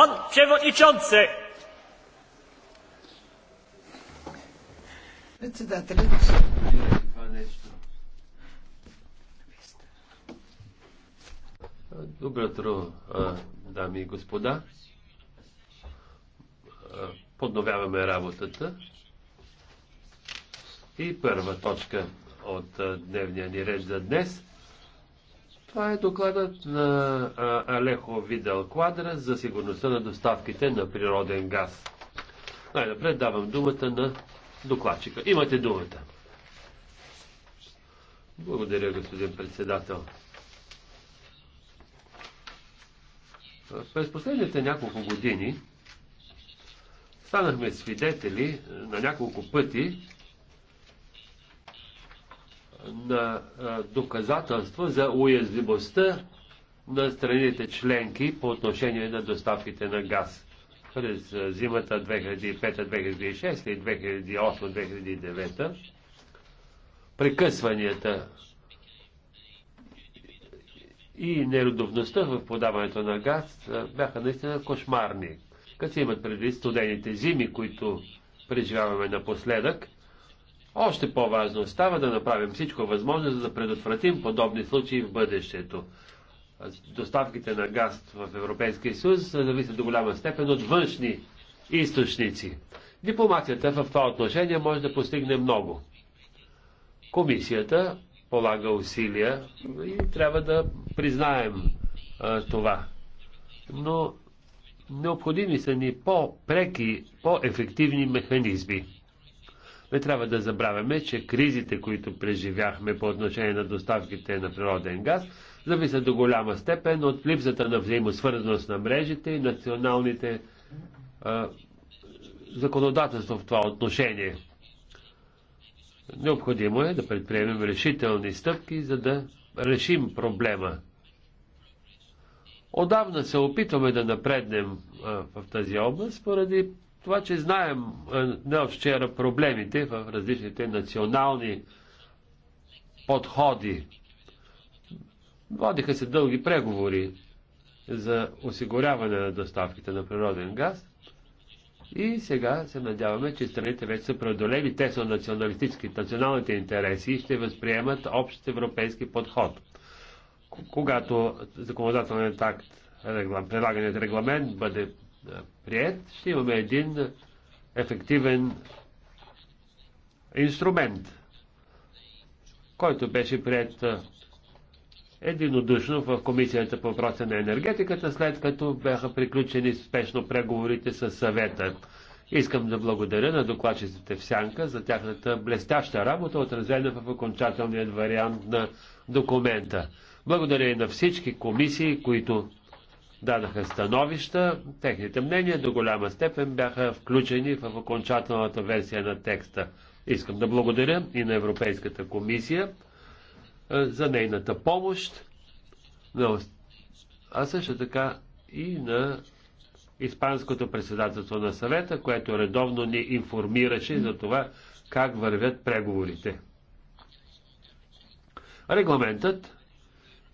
Pan przewodniczący! Председателят. Добро утро, дами и господа. Подновяваме работата. И първа точка от дневния ни ред за днес – това е докладът на Алехо Видел Квадра за сигурността на доставките на природен газ. Най-напред давам думата на докладчика. Имате думата. Благодаря, господин председател. През последните няколко години станахме свидетели на няколко пъти на доказателства за уязвимостта на страните членки по отношение на доставките на газ. През зимата 2005-2006 и 2008-2009 прекъсванията и неродовността в подаването на газ бяха наистина кошмарни. Като имат предвид студените зими, които преживяваме напоследък – още по-важно става да направим всичко възможно, за да предотвратим подобни случаи в бъдещето. Доставките на газ в Европейския съюз зависят до голяма степен от външни източници. Дипломацията в това отношение може да постигне много. Комисията полага усилия и трябва да признаем а, това. Но необходими са ни по-преки, по-ефективни механизми. Не трябва да забравяме, че кризите, които преживяхме по отношение на доставките на природен газ, зависят до голяма степен от липсата на взаимосвързаност на мрежите и националните а, законодателства в това отношение. Необходимо е да предприемем решителни стъпки, за да решим проблема. Отдавна се опитваме да напреднем а, в тази област поради това, че знаем е, не от вчера проблемите в различните национални подходи, водиха се дълги преговори за осигуряване на доставките на природен газ и сега се надяваме, че страните вече са преодолели те са националистически, националните интереси и ще възприемат общ европейски подход. Когато законодателният акт, предлаганият регламент бъде е, прият, ще имаме един ефективен инструмент, който беше прият е, единодушно в Комисията по въпроса на енергетиката, след като бяха приключени спешно преговорите с съвета. Искам да благодаря на докладчиците в Сянка за тяхната блестяща работа, отразена в окончателният вариант на документа. Благодаря и на всички комисии, които дадаха становища, техните мнения до голяма степен бяха включени в окончателната версия на текста. Искам да благодаря и на Европейската комисия за нейната помощ, а също така и на Испанското председателство на съвета, което редовно ни информираше за това как вървят преговорите. Регламентът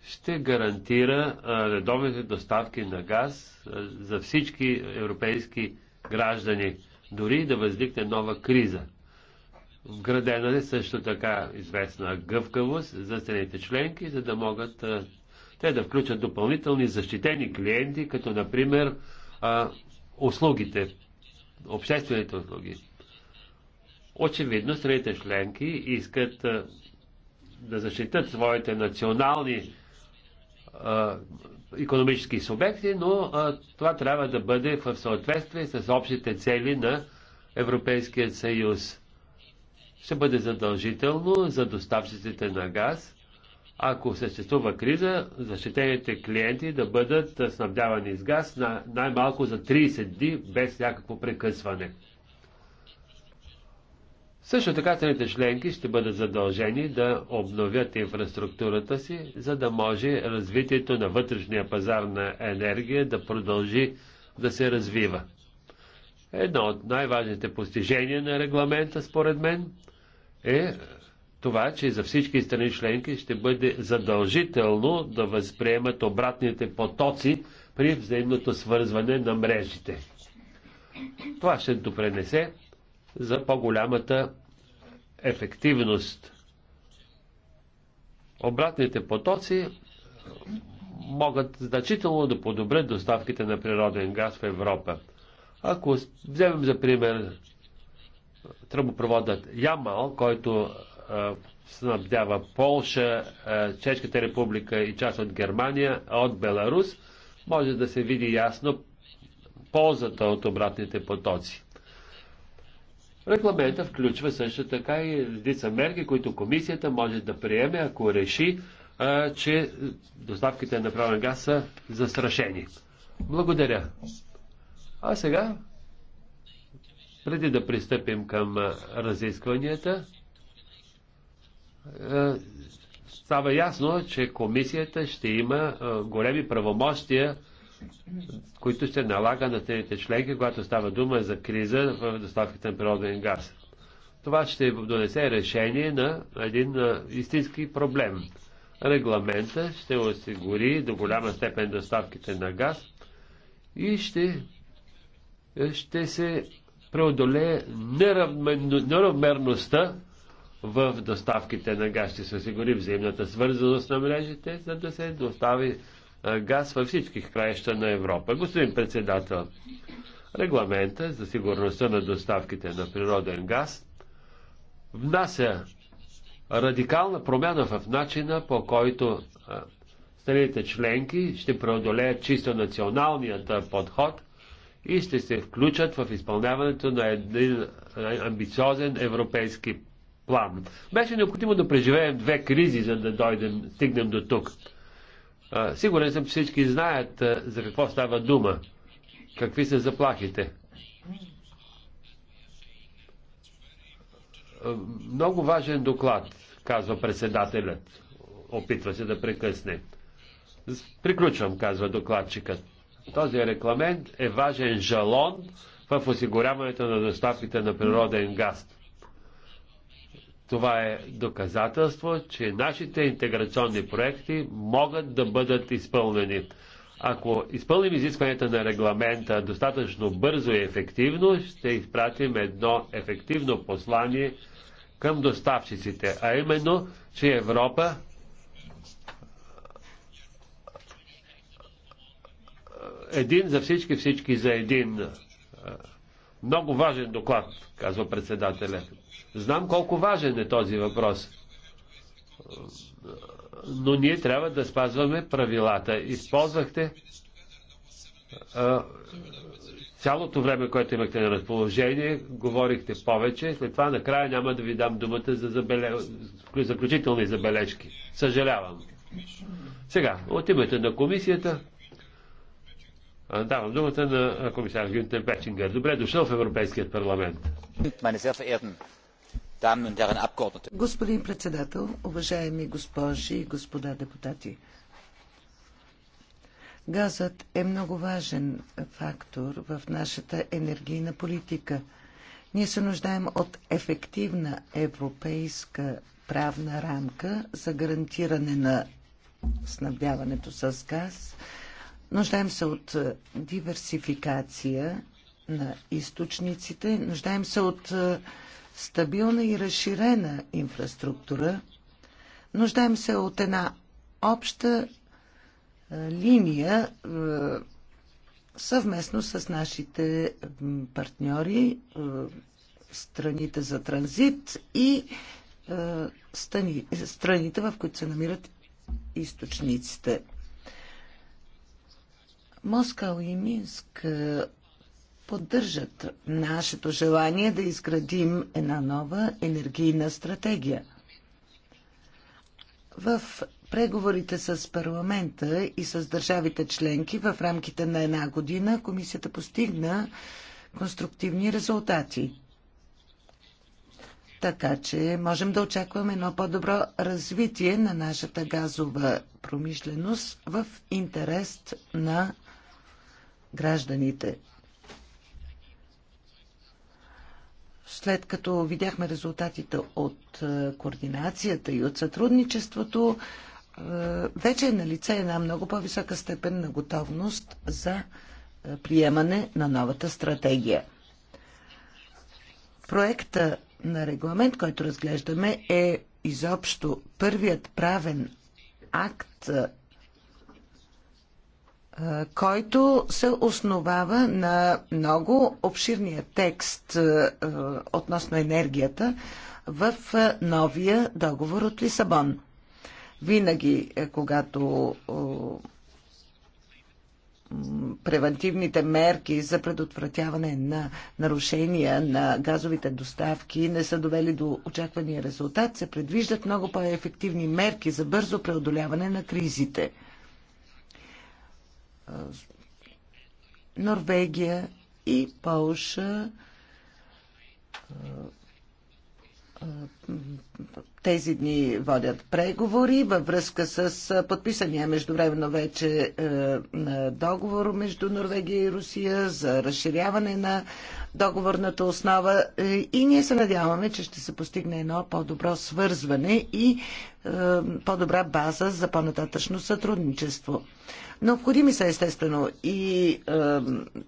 ще гарантира редовните доставки на газ за всички европейски граждани, дори да възникне нова криза. Вградена е също така известна гъвкавост за страните членки, за да могат те да включат допълнителни защитени клиенти, като например услугите, обществените услуги. Очевидно, страните членки искат да защитат своите национални економически субекти, но а, това трябва да бъде в съответствие с общите цели на Европейския съюз. Ще бъде задължително за доставчиците на газ, ако съществува криза, защитените клиенти да бъдат снабдявани с газ на най-малко за 30 дни без някакво прекъсване. Също така страните членки ще бъдат задължени да обновят инфраструктурата си, за да може развитието на вътрешния пазар на енергия да продължи да се развива. Едно от най-важните постижения на регламента, според мен, е това, че за всички страни членки ще бъде задължително да възприемат обратните потоци при взаимното свързване на мрежите. Това ще допренесе за по-голямата ефективност. Обратните потоци могат значително да подобрят доставките на природен газ в Европа. Ако вземем за пример тръбопроводът Ямал, който снабдява Полша, Чешката република и част от Германия, а от Беларус, може да се види ясно ползата от обратните потоци. Регламента включва също така и редица мерки, които комисията може да приеме, ако реши, а, че доставките на правен газ са застрашени. Благодаря. А сега, преди да пристъпим към разискванията, става ясно, че комисията ще има големи правомощия които ще налага на страните членки, когато става дума за криза в доставката на природен газ. Това ще донесе решение на един истински проблем. Регламента ще осигури до голяма степен доставките на газ и ще, ще се преодолее неравмерността в доставките на газ. Ще се осигури взаимната свързаност на мрежите, за да се достави газ във всички краища на Европа. Господин председател, регламента за сигурността на доставките на природен газ внася радикална промяна в начина по който страните членки ще преодолеят чисто националният подход и ще се включат в изпълняването на един амбициозен европейски план. Беше необходимо да преживеем две кризи, за да дойдем, стигнем до тук. Сигурен съм, че всички знаят за какво става дума, какви са заплахите. Много важен доклад, казва председателят. Опитва се да прекъсне. Приключвам, казва докладчикът. Този рекламент е важен жалон в осигуряването на доставките на природен газ. Това е доказателство, че нашите интеграционни проекти могат да бъдат изпълнени. Ако изпълним изискванията на регламента достатъчно бързо и ефективно, ще изпратим едно ефективно послание към доставчиците, а именно, че Европа е, един за всички, всички за един. Много важен доклад, казва председателя. Знам колко важен е този въпрос. Но ние трябва да спазваме правилата. Използвахте цялото време, което имахте на разположение, говорихте повече. След това накрая няма да ви дам думата за забеле... заключителни забележки. Съжалявам. Сега, от името на комисията, давам думата на комисар Гюнтен Бечингер. Добре дошъл в Европейският парламент. Господин председател, уважаеми госпожи и господа депутати. Газът е много важен фактор в нашата енергийна политика. Ние се нуждаем от ефективна европейска правна рамка за гарантиране на снабдяването с газ. Нуждаем се от диверсификация на източниците, нуждаем се от стабилна и разширена инфраструктура. Нуждаем се от една обща е, линия е, съвместно с нашите партньори, е, страните за транзит и страните, в които се намират източниците. Москва и Минск поддържат нашето желание да изградим една нова енергийна стратегия. В преговорите с парламента и с държавите членки в рамките на една година комисията постигна конструктивни резултати. Така че можем да очакваме едно по-добро развитие на нашата газова промишленост в интерес на гражданите след като видяхме резултатите от е, координацията и от сътрудничеството, е, вече е на лице една много по-висока степен на готовност за е, приемане на новата стратегия. Проекта на регламент, който разглеждаме, е изобщо първият правен акт който се основава на много обширния текст относно енергията в новия договор от Лисабон. Винаги, е, когато превентивните мерки за предотвратяване на нарушения на газовите доставки не са довели до очаквания резултат, се предвиждат много по-ефективни мерки за бързо преодоляване на кризите – Норвегия и Полша тези дни водят преговори във връзка с подписания междувременно вече е, договор между Норвегия и Русия за разширяване на договорната основа е, и ние се надяваме, че ще се постигне едно по-добро свързване и е, по-добра база за по-нататъчно сътрудничество. Необходими са естествено и е,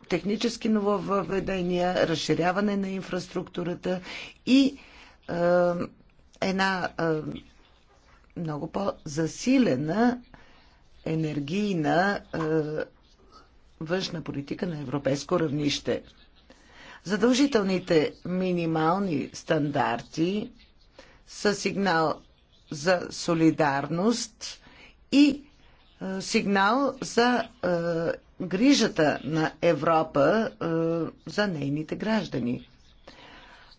технически нововведения, разширяване на инфраструктурата и е, една е, много по-засилена енергийна е, външна политика на европейско равнище. Задължителните минимални стандарти са сигнал за солидарност и сигнал за е, грижата на Европа е, за нейните граждани.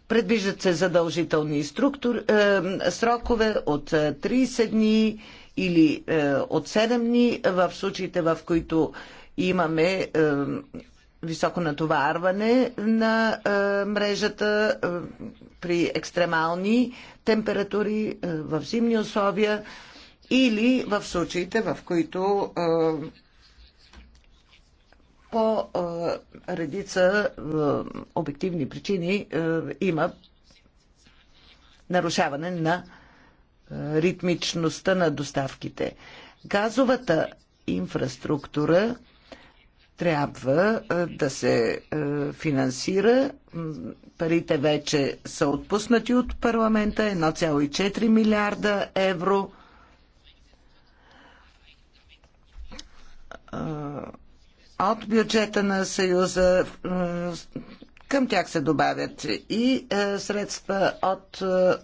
Предвиждат се задължителни структур, е, срокове от 30 е, дни или е, от 7 дни в случаите, в които имаме е, високо натоварване на е, мрежата е, при екстремални температури е, в зимни условия или в случаите, в които по редица обективни причини има нарушаване на ритмичността на доставките. Газовата инфраструктура трябва да се финансира. Парите вече са отпуснати от парламента 1,4 милиарда евро от бюджета на Съюза. Е, към тях се добавят и е, средства от е,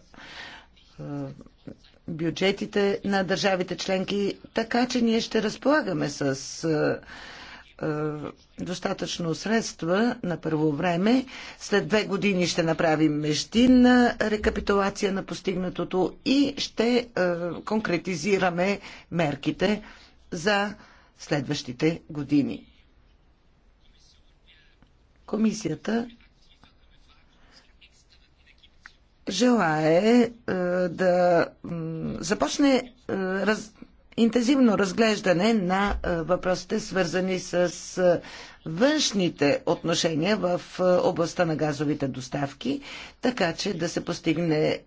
бюджетите на държавите членки, така че ние ще разполагаме с достатъчно средства на първо време. След две години ще направим междинна рекапитулация на постигнатото и ще конкретизираме мерките за следващите години. Комисията желае е, да започне е, раз, интензивно разглеждане на е, въпросите, свързани с външните отношения в областта на газовите доставки, така че да се постигне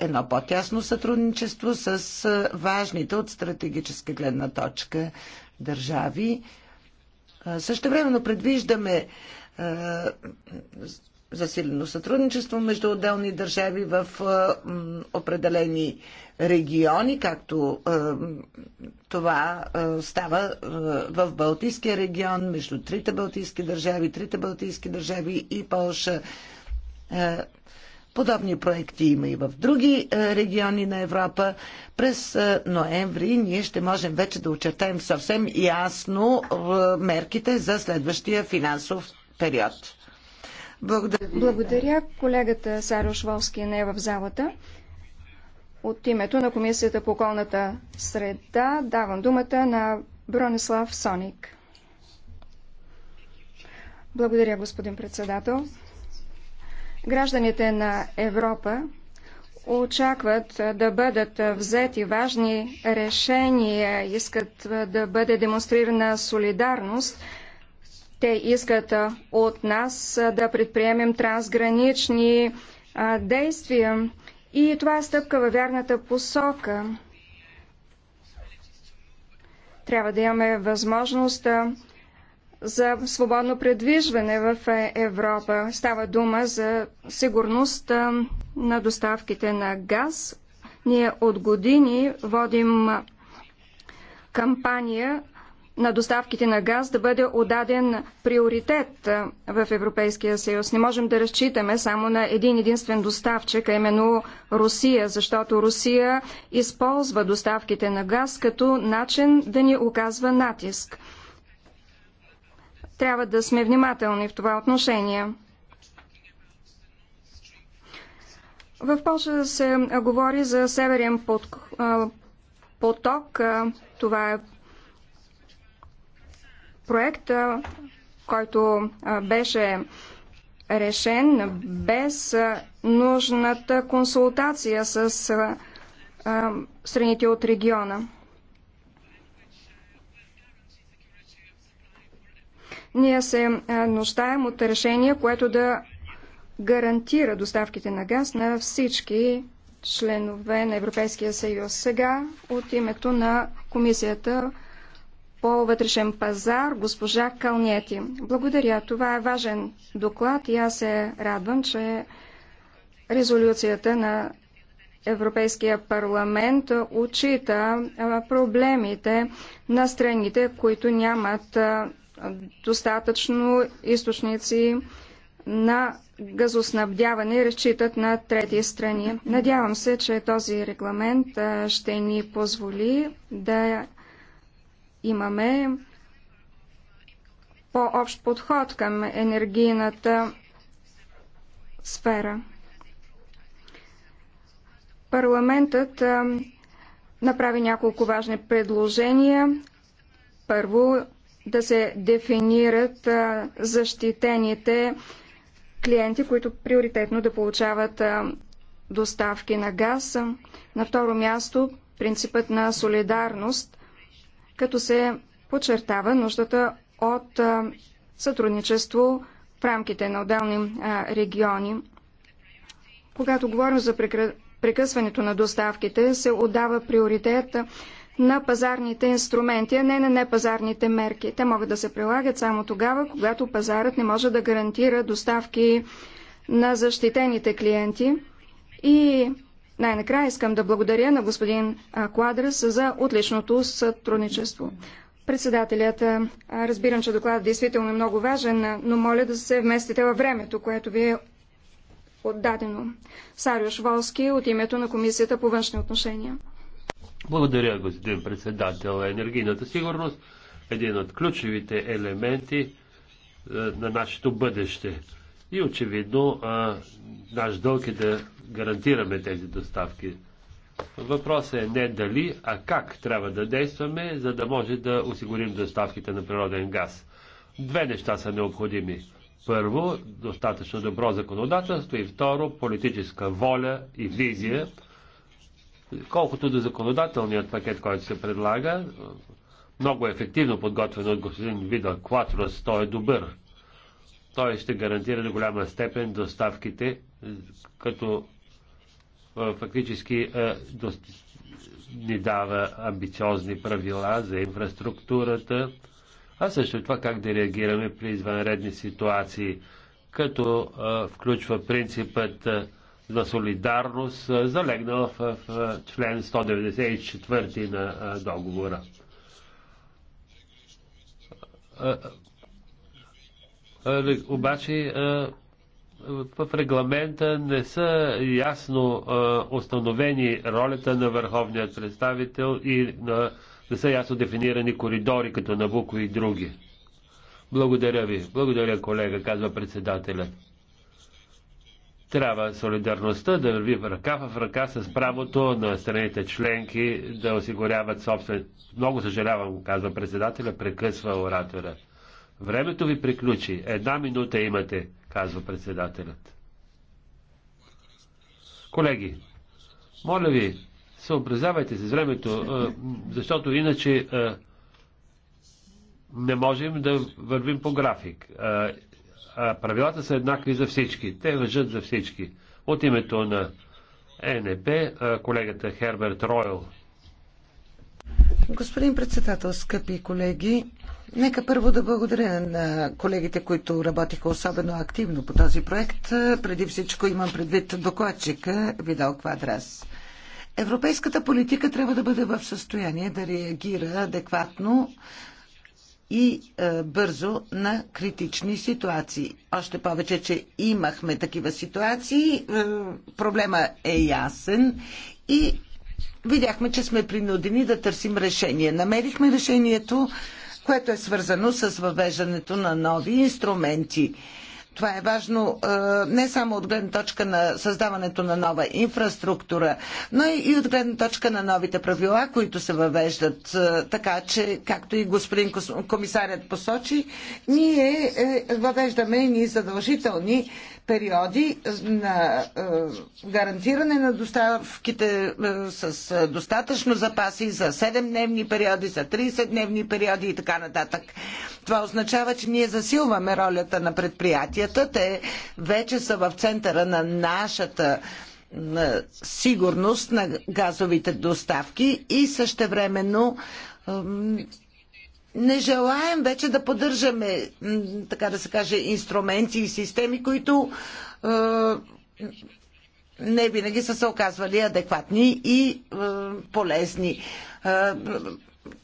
едно по-тясно сътрудничество с важните от стратегическа гледна точка държави. Също времено предвиждаме е, засилено сътрудничество между отделни държави в е, определени региони, както е, това става в Балтийския регион, между трите балтийски държави, трите балтийски държави и Полша. Подобни проекти има и в други региони на Европа. През ноември ние ще можем вече да очертаем съвсем ясно мерките за следващия финансов период. Благодаря. Благодаря. Колегата Сарош Шволски не е в залата. От името на Комисията по околната среда давам думата на Бронислав Соник. Благодаря, господин председател. Гражданите на Европа очакват да бъдат взети важни решения, искат да бъде демонстрирана солидарност те искат от нас да предприемем трансгранични действия и това е стъпка във вярната посока. Трябва да имаме възможност за свободно предвижване в Европа. Става дума за сигурност на доставките на газ. Ние от години водим кампания на доставките на газ да бъде отдаден приоритет в Европейския съюз. Не можем да разчитаме само на един единствен доставчик, а именно Русия, защото Русия използва доставките на газ като начин да ни оказва натиск. Трябва да сме внимателни в това отношение. В Польша се говори за северен поток. Това е проект, който беше решен без нужната консултация с страните от региона. Ние се нуждаем от решение, което да гарантира доставките на газ на всички членове на Европейския съюз. Сега от името на Комисията по вътрешен пазар, госпожа Калнети. Благодаря. Това е важен доклад и аз се радвам, че резолюцията на Европейския парламент отчита проблемите на страните, които нямат достатъчно източници на газоснабдяване и разчитат на трети страни. Надявам се, че този регламент ще ни позволи да имаме по-общ подход към енергийната сфера. Парламентът направи няколко важни предложения. Първо, да се дефинират защитените клиенти, които приоритетно да получават доставки на газ. На второ място, принципът на солидарност като се подчертава нуждата от сътрудничество в рамките на отделни региони. Когато говорим за прекъсването на доставките, се отдава приоритет на пазарните инструменти, а не на непазарните мерки. Те могат да се прилагат само тогава, когато пазарът не може да гарантира доставки на защитените клиенти и най-накрая искам да благодаря на господин Квадрас за отличното сътрудничество. Председателят, разбирам, че докладът действително е много важен, но моля да се вместите във времето, което ви е отдадено. Сариош Волски от името на Комисията по външни отношения. Благодаря, господин председател. Енергийната сигурност е един от ключовите елементи на нашето бъдеще. И очевидно, наш дълг е да гарантираме тези доставки. Въпросът е не дали, а как трябва да действаме, за да може да осигурим доставките на природен газ. Две неща са необходими. Първо, достатъчно добро законодателство и второ, политическа воля и визия. Колкото до законодателният пакет, който се предлага, много ефективно подготвен от господин Вида Кватрос, той е добър. Той ще гарантира до голяма степен доставките, като е, фактически е, ни дава амбициозни правила за инфраструктурата, а също това как да реагираме при извънредни ситуации, като е, включва принципът на солидарност, залегнал в член 194 на договора обаче в регламента не са ясно установени ролята на върховният представител и на, не са ясно дефинирани коридори, като Набуко и други. Благодаря ви. Благодаря, колега, казва председателят. Трябва солидарността да върви в ръка в ръка с правото на страните членки да осигуряват собствен... Много съжалявам, казва председателя, прекъсва оратора. Времето ви приключи. Една минута имате казва председателят. Колеги, моля ви, съобразявайте се с времето, защото иначе не можем да вървим по график. Правилата са еднакви за всички. Те въжат за всички. От името на ЕНП, колегата Херберт Ройл. Господин председател, скъпи колеги, Нека първо да благодаря на колегите, които работиха особено активно по този проект. Преди всичко имам предвид докладчика Видал Квадрас. Европейската политика трябва да бъде в състояние да реагира адекватно и е, бързо на критични ситуации. Още повече, че имахме такива ситуации, е, проблема е ясен и видяхме, че сме принудени да търсим решение. Намерихме решението което е свързано с въвеждането на нови инструменти това е важно не само от гледна точка на създаването на нова инфраструктура, но и от гледна точка на новите правила, които се въвеждат. Така че, както и господин комисарят посочи, ние е, въвеждаме ни задължителни периоди на гарантиране на доставките с достатъчно запаси за 7-дневни периоди, за 30-дневни периоди и така нататък. Това означава, че ние засилваме ролята на предприятията света. Те вече са в центъра на нашата на сигурност на газовите доставки и същевременно не желаем вече да поддържаме, така да се каже, инструменти и системи, които е, не винаги са се оказвали адекватни и е, полезни. Е,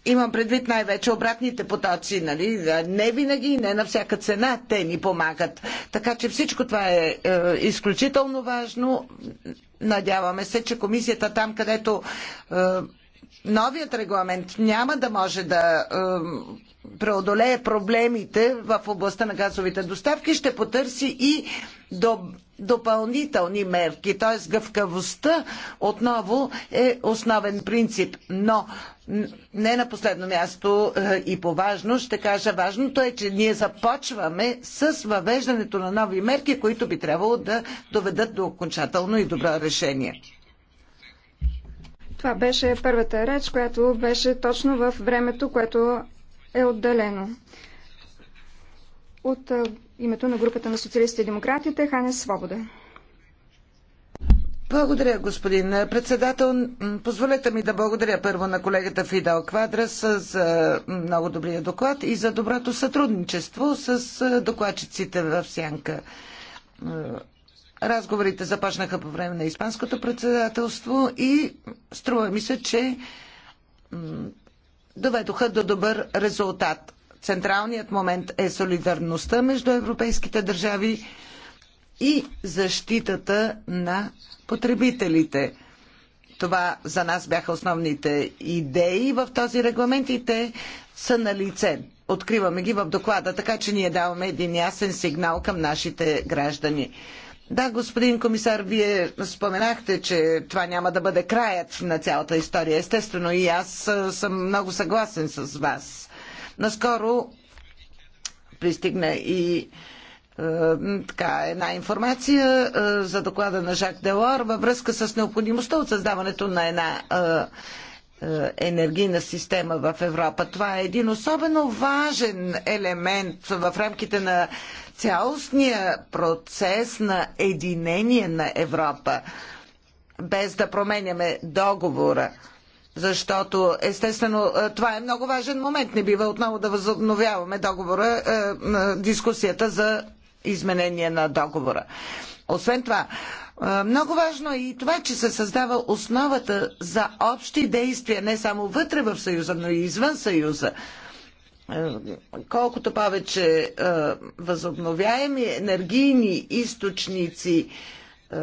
Имам предвид най-вече обратните потоци, нали? Не винаги и не на всяка цена те ни помагат. Така че всичко това е, е изключително важно. Надяваме се, че комисията там, където е, новият регламент няма да може да е, преодолее проблемите в областта на газовите доставки, ще потърси и допълнителни мерки. Т.е. гъвкавостта отново е основен принцип. Но не на последно място е, и по важно, ще кажа важното е, че ние започваме с въвеждането на нови мерки, които би трябвало да доведат до окончателно и добро решение. Това беше първата реч, която беше точно в времето, което е отделено. От името на групата на социалистите и демократите Ханес Свобода. Благодаря, господин председател. Позволете ми да благодаря първо на колегата Фидал Квадрас за много добрия доклад и за доброто сътрудничество с докладчиците в Сянка. Разговорите започнаха по време на Испанското председателство и струва ми се, че доведоха до добър резултат. Централният момент е солидарността между европейските държави и защитата на потребителите. Това за нас бяха основните идеи в този регламент и те са на лице. Откриваме ги в доклада, така че ние даваме един ясен сигнал към нашите граждани. Да, господин комисар, вие споменахте, че това няма да бъде краят на цялата история. Естествено, и аз съм много съгласен с вас. Наскоро пристигна и така, една информация за доклада на Жак Делор във връзка с необходимостта от създаването на една енергийна система в Европа. Това е един особено важен елемент в рамките на цялостния процес на единение на Европа, без да променяме договора. Защото, естествено, е, това е много важен момент. Не бива отново да възобновяваме договора, е, е, дискусията за изменение на договора. Освен това, много важно е и това, че се създава основата за общи действия не само вътре в Съюза, но и извън Съюза. Е, колкото повече е, възобновяеми енергийни източници е,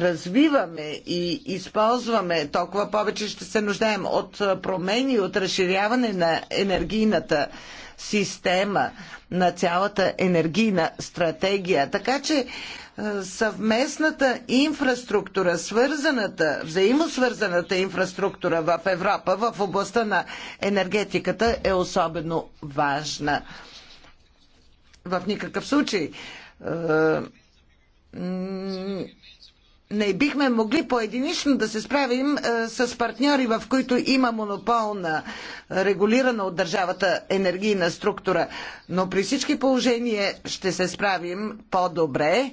развиваме и използваме, толкова повече ще се нуждаем от промени, от разширяване на енергийната система, на цялата енергийна стратегия. Така че е, съвместната инфраструктура, свързаната, взаимосвързаната инфраструктура в Европа в областта на енергетиката е особено важна. В никакъв случай е, не бихме могли поединично да се справим е, с партньори, в които има монопол на е, регулирана от държавата енергийна структура. Но при всички положения ще се справим по-добре,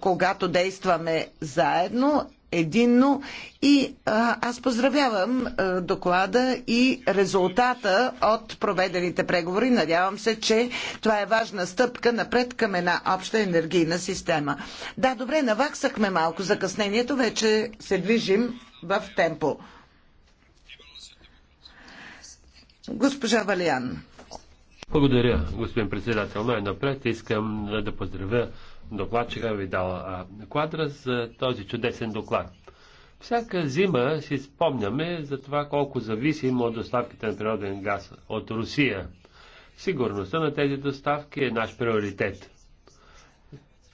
когато действаме заедно единно и а, аз поздравявам а, доклада и резултата от проведените преговори. Надявам се, че това е важна стъпка напред към една обща енергийна система. Да, добре, наваксахме малко закъснението, вече се движим в темпо. Госпожа Валиан. Благодаря, господин председател. Най-напред искам да поздравя докладчика ви дала квадра за този чудесен доклад. Всяка зима си спомняме за това колко зависим от доставките на природен газ от Русия. Сигурността на тези доставки е наш приоритет.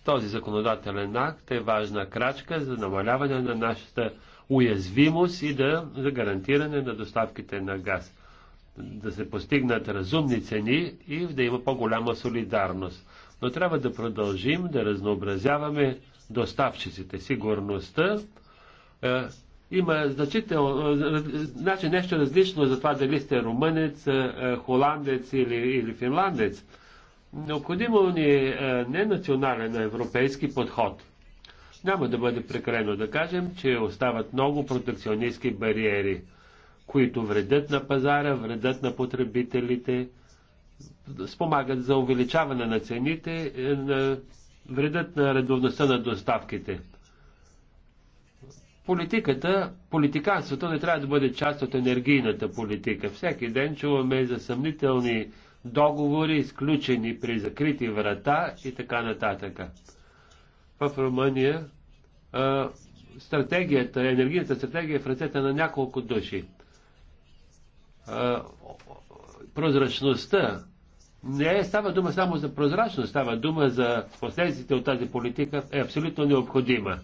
Този законодателен акт е важна крачка за намаляване на нашата уязвимост и да, за гарантиране на доставките на газ. Да се постигнат разумни цени и да има по-голяма солидарност но трябва да продължим да разнообразяваме доставчиците. Сигурността е, има значително, е, значи нещо различно за това дали сте румънец, е, е холандец или, или финландец. Необходимо ни е, е не национален, а европейски подход. Няма да бъде прекалено да кажем, че остават много протекционистски бариери, които вредят на пазара, вредят на потребителите, спомагат за увеличаване на цените, е, на вредят на редовността на доставките. Политиката, политиканството не трябва да бъде част от енергийната политика. Всеки ден чуваме за съмнителни договори, изключени при закрити врата и така нататък. В Румъния стратегията, енергийната стратегия е в ръцете на няколко души. прозрачността не става дума само за прозрачност, става дума за последиците от тази политика е абсолютно необходима.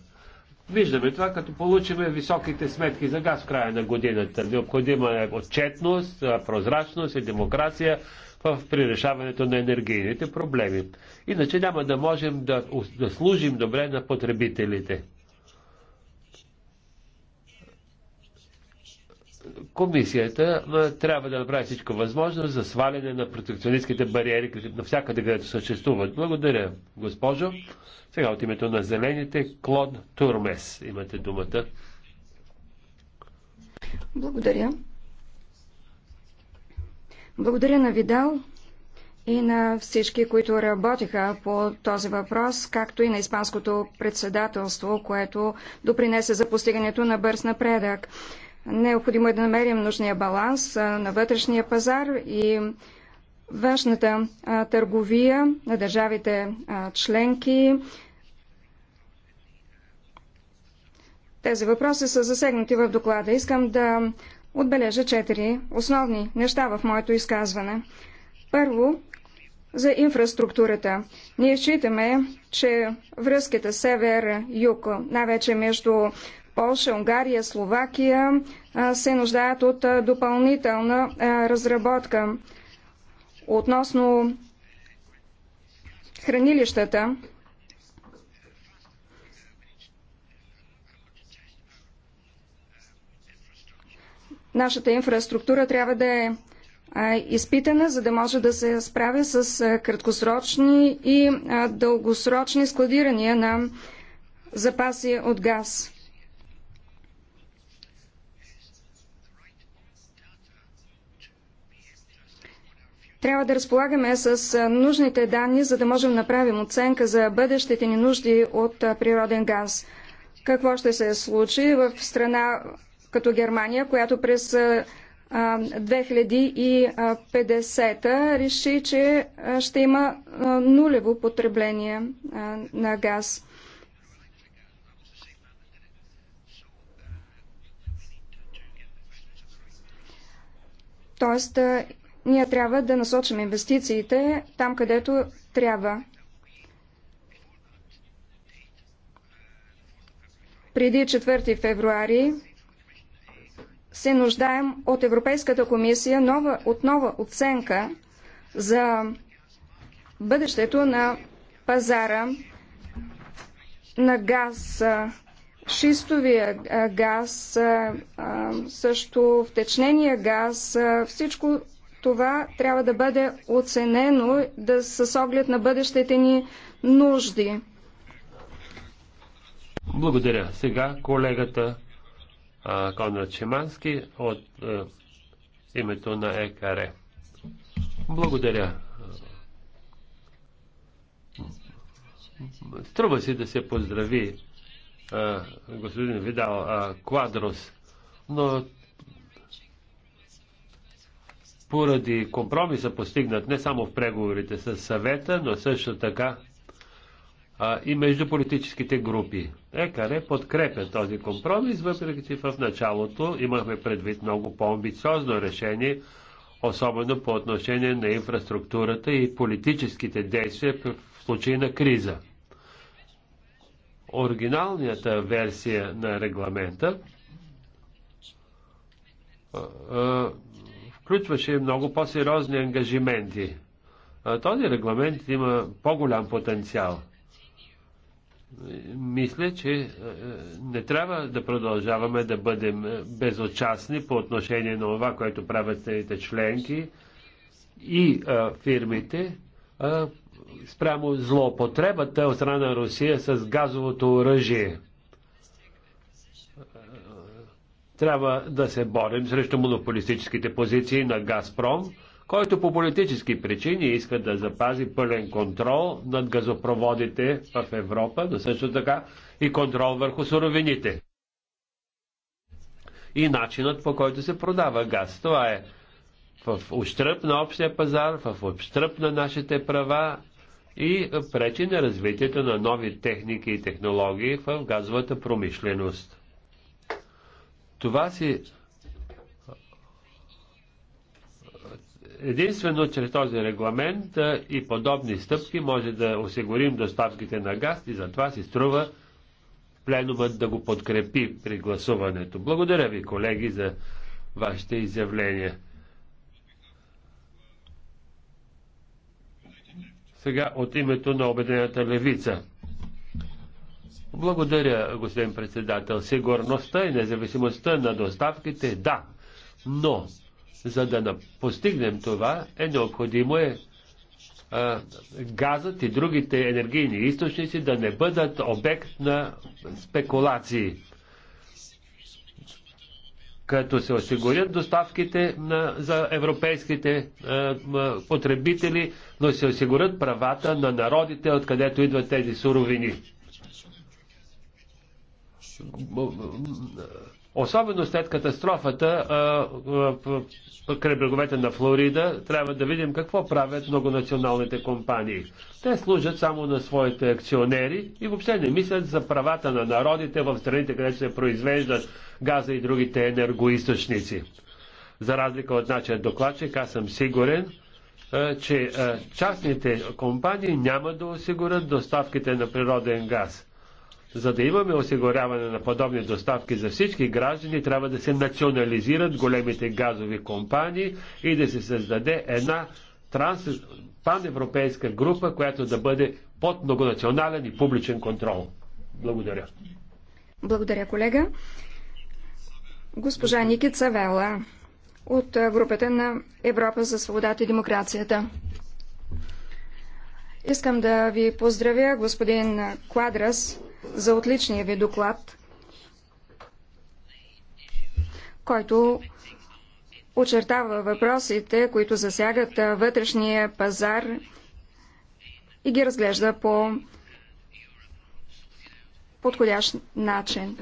Виждаме това, като получиме високите сметки за газ в края на годината. Необходима е отчетност, прозрачност и демокрация в пререшаването на енергийните проблеми. Иначе няма да можем да, да служим добре на потребителите. комисията трябва да направи всичко възможно за сваляне на протекционистските бариери навсякъде, където съществуват. Благодаря, госпожо. Сега от името на зелените, Клод Турмес. Имате думата. Благодаря. Благодаря на Видал и на всички, които работиха по този въпрос, както и на Испанското председателство, което допринесе за постигането на бърз напредък. Необходимо е да намерим нужния баланс на вътрешния пазар и външната търговия на държавите членки. Тези въпроси са засегнати в доклада. Искам да отбележа четири основни неща в моето изказване. Първо, за инфраструктурата. Ние считаме, че връзките север-юг, най-вече между Полша, Унгария, Словакия се нуждаят от допълнителна разработка. Относно хранилищата, нашата инфраструктура трябва да е изпитана, за да може да се справя с краткосрочни и дългосрочни складирания на запаси от газ. Трябва да разполагаме с нужните данни, за да можем да направим оценка за бъдещите ни нужди от природен газ. Какво ще се случи в страна като Германия, която през 2050 реши, че ще има нулево потребление на газ. Тоест, ние трябва да насочим инвестициите там, където трябва. Преди 4 февруари се нуждаем от Европейската комисия нова, от нова оценка за бъдещето на пазара на газ, шистовия газ, също втечнения газ, всичко това трябва да бъде оценено да с оглед на бъдещите ни нужди. Благодаря. Сега колегата Конрад Чемански от а, името на ЕКАРЕ. Е. Благодаря. Струва си да се поздрави а, господин Видал а, Квадрос, но поради компромиса постигнат не само в преговорите с съвета, но също така а, и между политическите групи. Екаре подкрепя този компромис, въпреки че в началото имахме предвид много по-амбициозно решение, особено по отношение на инфраструктурата и политическите действия в случай на криза. Оригиналната версия на регламента включваше много по-сериозни ангажименти. Този регламент има по-голям потенциал. Мисля, че е, е, не трябва да продължаваме да бъдем е, безучастни по отношение на това, което правят тези членки и а, фирмите а, спрямо злоупотребата от страна на Русия с газовото оръжие. Трябва да се борим срещу монополистическите позиции на Газпром, който по политически причини иска да запази пълен контрол над газопроводите в Европа, но също така и контрол върху суровините. И начинът по който се продава газ. Това е в ущръп на общия пазар, в ущръп на нашите права и пречи на развитието на нови техники и технологии в газовата промишленост. Това си единствено чрез този регламент и подобни стъпки може да осигурим доставките на газ и затова си струва пленумът да го подкрепи при гласуването. Благодаря ви, колеги, за вашите изявления. Сега от името на Обедената левица. Благодаря, господин председател. Сигурността и независимостта на доставките, да. Но, за да постигнем това, е необходимо е а, газът и другите енергийни източници да не бъдат обект на спекулации. Като се осигурят доставките на, за европейските а, потребители, но се осигурят правата на народите, откъдето идват тези суровини. Особено след катастрофата край бреговете на Флорида, трябва да видим какво правят многонационалните компании. Те служат само на своите акционери и въобще не мислят за правата на народите в страните, където се произвеждат газа и другите енергоисточници. За разлика от нашия докладчик, аз съм сигурен, че частните компании няма да осигурят доставките на природен газ. За да имаме осигуряване на подобни доставки за всички граждани, трябва да се национализират големите газови компании и да се създаде една транс, паневропейска група, която да бъде под многонационален и публичен контрол. Благодаря. Благодаря, колега. Госпожа Ники Цавела от групата на Европа за свободата и демокрацията. Искам да ви поздравя, господин Квадрас, за отличния ви доклад, който очертава въпросите, които засягат вътрешния пазар и ги разглежда по подходящ начин.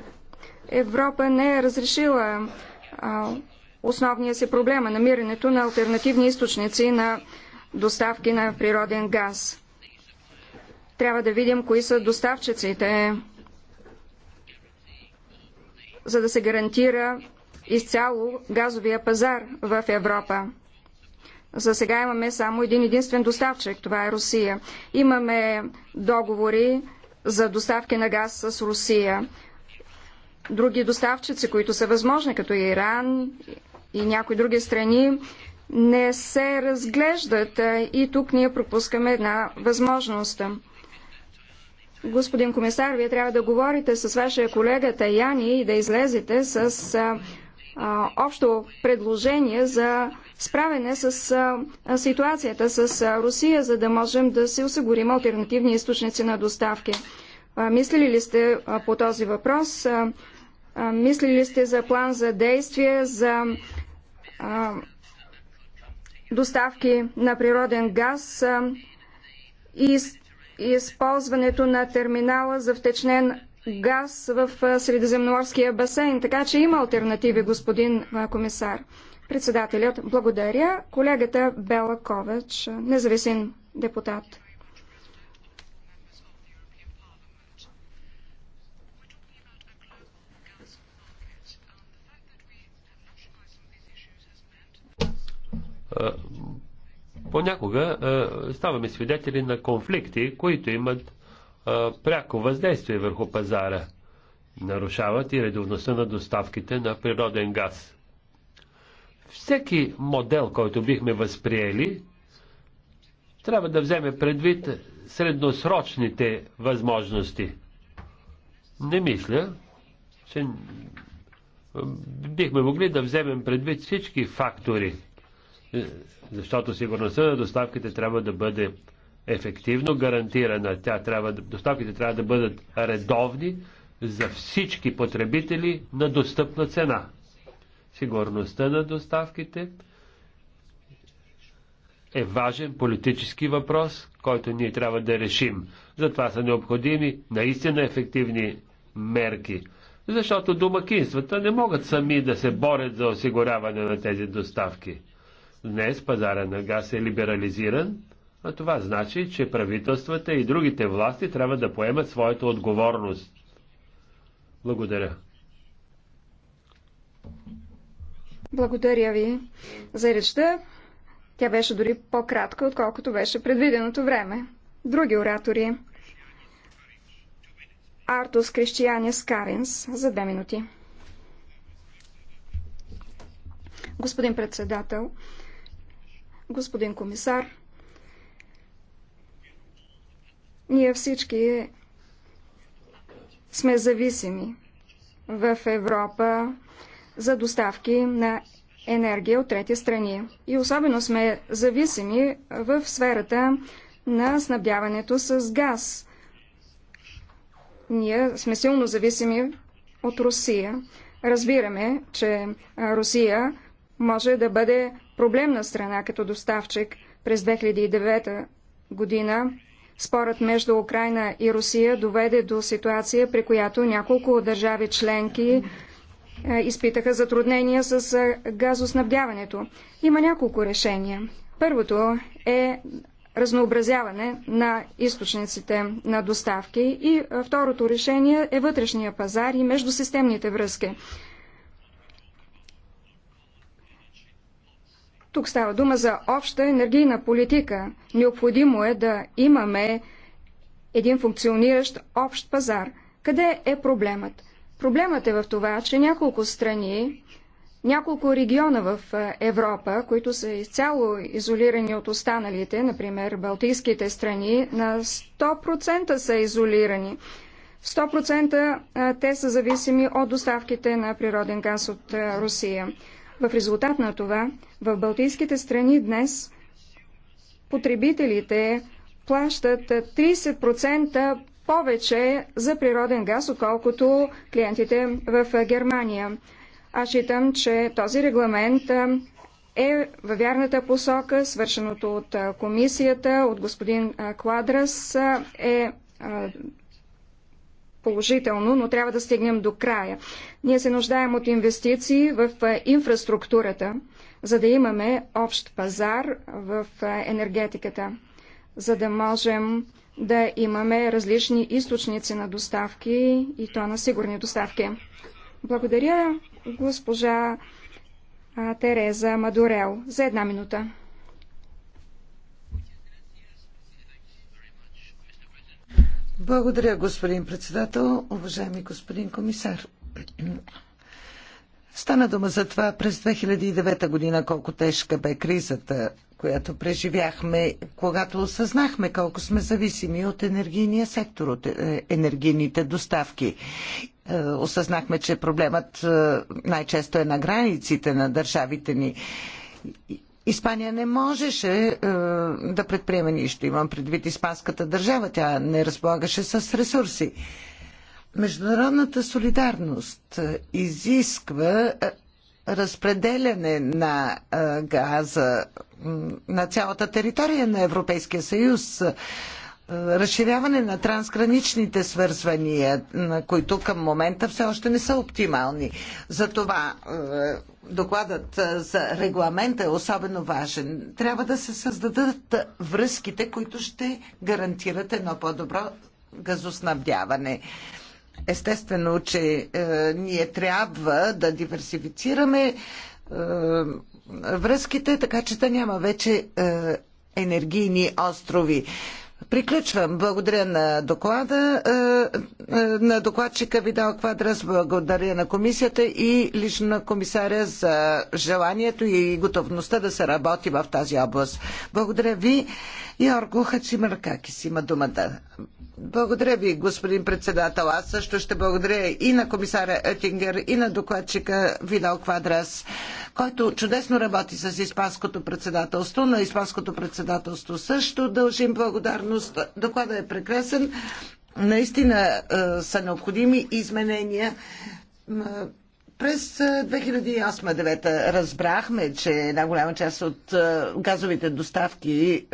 Европа не е разрешила а, основния си проблема намирането на альтернативни източници на доставки на природен газ. Трябва да видим кои са доставчиците, за да се гарантира изцяло газовия пазар в Европа. За сега имаме само един единствен доставчик, това е Русия. Имаме договори за доставки на газ с Русия. Други доставчици, които са възможни, като Иран и някои други страни, не се разглеждат и тук ние пропускаме една възможност. Господин комисар, вие трябва да говорите с вашия колега Таяни и да излезете с а, а, общо предложение за справене с а, ситуацията с а, Русия, за да можем да си осигурим альтернативни източници на доставки. А, мислили ли сте а, по този въпрос? А, а, мислили ли сте за план за действие, за а, доставки на природен газ а, и използването на терминала за втечнен газ в Средиземноморския басейн. Така че има альтернативи, господин комисар. Председателят, благодаря. Колегата Бела Ковач, независим депутат. Uh, Понякога е, ставаме свидетели на конфликти, които имат е, пряко въздействие върху пазара. Нарушават и редовността на доставките на природен газ. Всеки модел, който бихме възприели, трябва да вземе предвид средносрочните възможности. Не мисля, че бихме могли да вземем предвид всички фактори. Е, защото сигурността на доставките трябва да бъде ефективно гарантирана. Тя трябва, доставките трябва да бъдат редовни за всички потребители на достъпна цена. Сигурността на доставките е важен политически въпрос, който ние трябва да решим. Затова са необходими наистина ефективни мерки. Защото домакинствата не могат сами да се борят за осигуряване на тези доставки. Днес пазара на газ е либерализиран, а това значи, че правителствата и другите власти трябва да поемат своята отговорност. Благодаря. Благодаря ви за речта. Тя беше дори по-кратка, отколкото беше предвиденото време. Други оратори. Артус Кристиянис Каринс за две минути. Господин председател, Господин комисар, ние всички сме зависими в Европа за доставки на енергия от трети страни. И особено сме зависими в сферата на снабдяването с газ. Ние сме силно зависими от Русия. Разбираме, че Русия може да бъде проблемна страна като доставчик. През 2009 година спорът между Украина и Русия доведе до ситуация, при която няколко държави членки е, изпитаха затруднения с е, газоснабдяването. Има няколко решения. Първото е разнообразяване на източниците на доставки и е, второто решение е вътрешния пазар и междусистемните връзки. Тук става дума за обща енергийна политика. Необходимо е да имаме един функциониращ общ пазар. Къде е проблемът? Проблемът е в това, че няколко страни, няколко региона в е, Европа, които са изцяло изолирани от останалите, например Балтийските страни, на 100% са изолирани. 100% е, те са зависими от доставките на природен газ от е, Русия. В резултат на това, в Балтийските страни днес потребителите плащат 30% повече за природен газ, отколкото клиентите в Германия. Аз считам, че този регламент е във вярната посока. Свършеното от комисията, от господин Квадрас е положително, но трябва да стигнем до края. Ние се нуждаем от инвестиции в инфраструктурата, за да имаме общ пазар в енергетиката, за да можем да имаме различни източници на доставки и то на сигурни доставки. Благодаря госпожа Тереза Мадурел за една минута. Благодаря, господин председател, уважаеми господин комисар. Стана дума за това през 2009 година, колко тежка бе кризата, която преживяхме, когато осъзнахме колко сме зависими от енергийния сектор, от е, енергийните доставки. Е, осъзнахме, че проблемът е, най-често е на границите на държавите ни Испания не можеше е, да предприеме нищо. Имам предвид испанската държава. Тя не разполагаше с ресурси. Международната солидарност е, изисква е, разпределяне на е, газа на цялата територия на Европейския съюз. Е, разширяване на трансграничните свързвания, които към момента все още не са оптимални. Затова е, докладът е, за регламента е особено важен. Трябва да се създадат връзките, които ще гарантират едно по-добро газоснабдяване. Естествено, че е, ние трябва да диверсифицираме е, връзките, така че да няма вече е, енергийни острови. Приключвам. Благодаря на доклада, е, е, на докладчика Видал Квадрас, благодаря на комисията и лично на комисаря за желанието и готовността да се работи в тази област. Благодаря ви. Йорго Хачимаркакис има думата. Благодаря ви, господин председател. Аз също ще благодаря и на комисаря Етингер, и на докладчика Видал Квадрас, който чудесно работи с Испанското председателство. На Испанското председателство също дължим благодарност всъщност докладът е прекрасен. Наистина е, са необходими изменения. През 2008-2009 е, разбрахме, че една голяма част от е, газовите доставки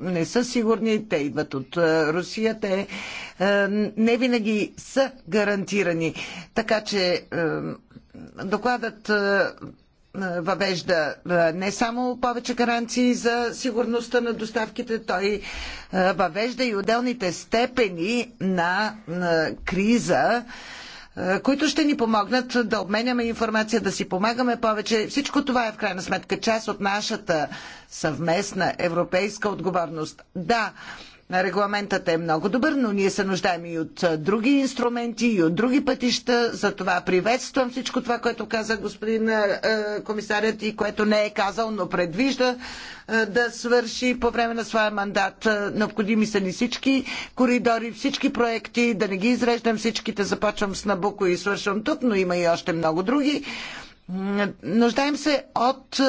не са сигурни, те идват от Русия, те не винаги са гарантирани. Така че докладът въвежда не само повече гаранции за сигурността на доставките, той въвежда и отделните степени на криза, които ще ни помогнат да обменяме информация, да си помагаме повече. Всичко това е в крайна сметка част от нашата съвместна европейска отговорност. Да, Регламентът е много добър, но ние се нуждаем и от други инструменти, и от други пътища. Затова приветствам всичко това, което каза господин комисарят и което не е казал, но предвижда да свърши по време на своя мандат. Необходими са ни всички коридори, всички проекти, да не ги изреждам всичките. Започвам с Набуко и свършвам тук, но има и още много други. Нуждаем се от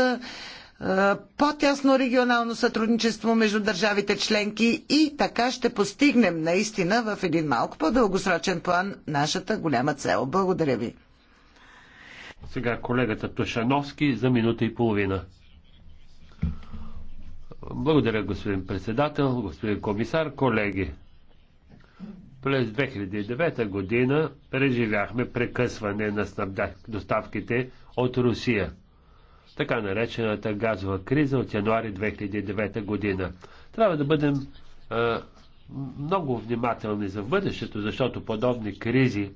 по-тясно регионално сътрудничество между държавите членки и така ще постигнем наистина в един малко по-дългосрочен план нашата голяма цел. Благодаря ви. Сега колегата Тушановски за минута и половина. Благодаря, господин председател, господин комисар, колеги. През 2009 година преживяхме прекъсване на доставките от Русия така наречената газова криза от януари 2009 година. Трябва да бъдем а, много внимателни за бъдещето, защото подобни кризи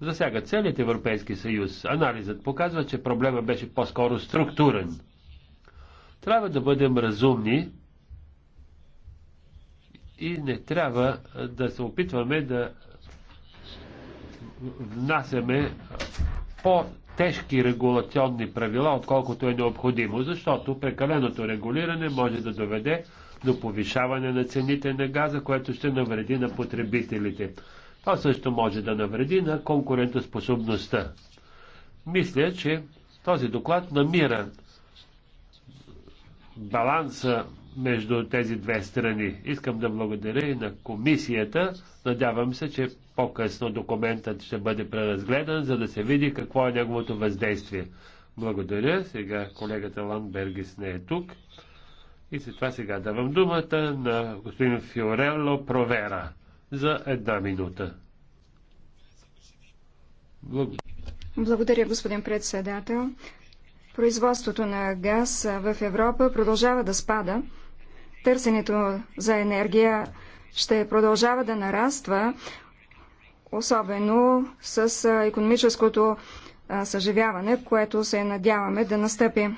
засягат целият Европейски съюз. Анализът показва, че проблема беше по-скоро структурен. Трябва да бъдем разумни и не трябва да се опитваме да внасяме по по-тежки регулационни правила, отколкото е необходимо, защото прекаленото регулиране може да доведе до повишаване на цените на газа, което ще навреди на потребителите. Това също може да навреди на конкурентоспособността. Мисля, че този доклад намира баланса между тези две страни. Искам да благодаря и на комисията. Надявам се, че по-късно документът ще бъде преразгледан, за да се види какво е неговото въздействие. Благодаря. Сега колегата Бергис не е тук. И след това сега давам думата на господин Фиорелло Провера за една минута. Благодаря. Благодаря, господин председател. Производството на газ в Европа продължава да спада търсенето за енергия ще продължава да нараства, особено с економическото съживяване, което се надяваме да настъпи.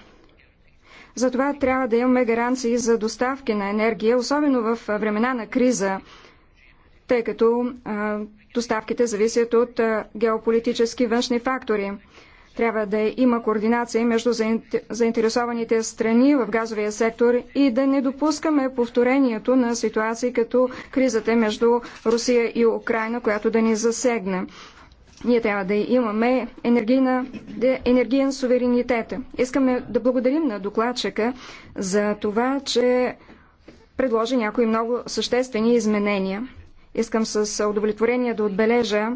Затова трябва да имаме гаранции за доставки на енергия, особено в времена на криза, тъй като доставките зависят от геополитически външни фактори. Трябва да има координация между заинтересованите страни в газовия сектор и да не допускаме повторението на ситуации като кризата между Русия и Украина, която да ни засегне. Ние трябва да имаме енергийна, енергиен суверенитет. Искаме да благодарим на докладчика за това, че предложи някои много съществени изменения. Искам с удовлетворение да отбележа,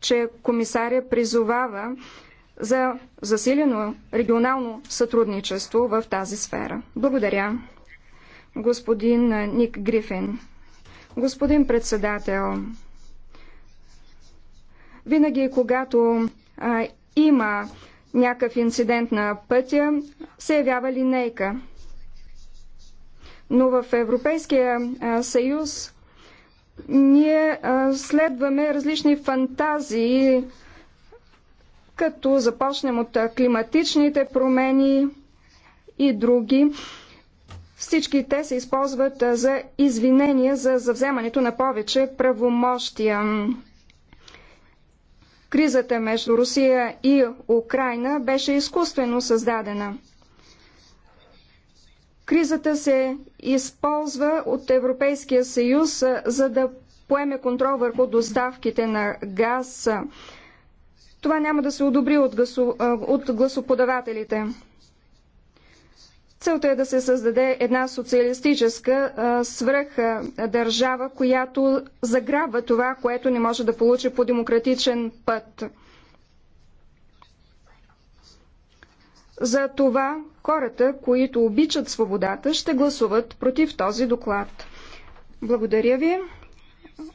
че комисаря призовава за засилено регионално сътрудничество в тази сфера. Благодаря. Господин Ник Грифин. Господин председател, винаги когато а, има някакъв инцидент на пътя, се явява линейка. Но в Европейския съюз ние а, следваме различни фантазии, като започнем от климатичните промени и други. Всички те се използват за извинения за завземането на повече правомощия. Кризата между Русия и Украина беше изкуствено създадена. Кризата се използва от Европейския съюз, за да поеме контрол върху доставките на газ. Това няма да се одобри от, гласо, от гласоподавателите. Целта е да се създаде една социалистическа свръхдържава, която заграбва това, което не може да получи по демократичен път. За това хората, които обичат свободата, ще гласуват против този доклад. Благодаря ви.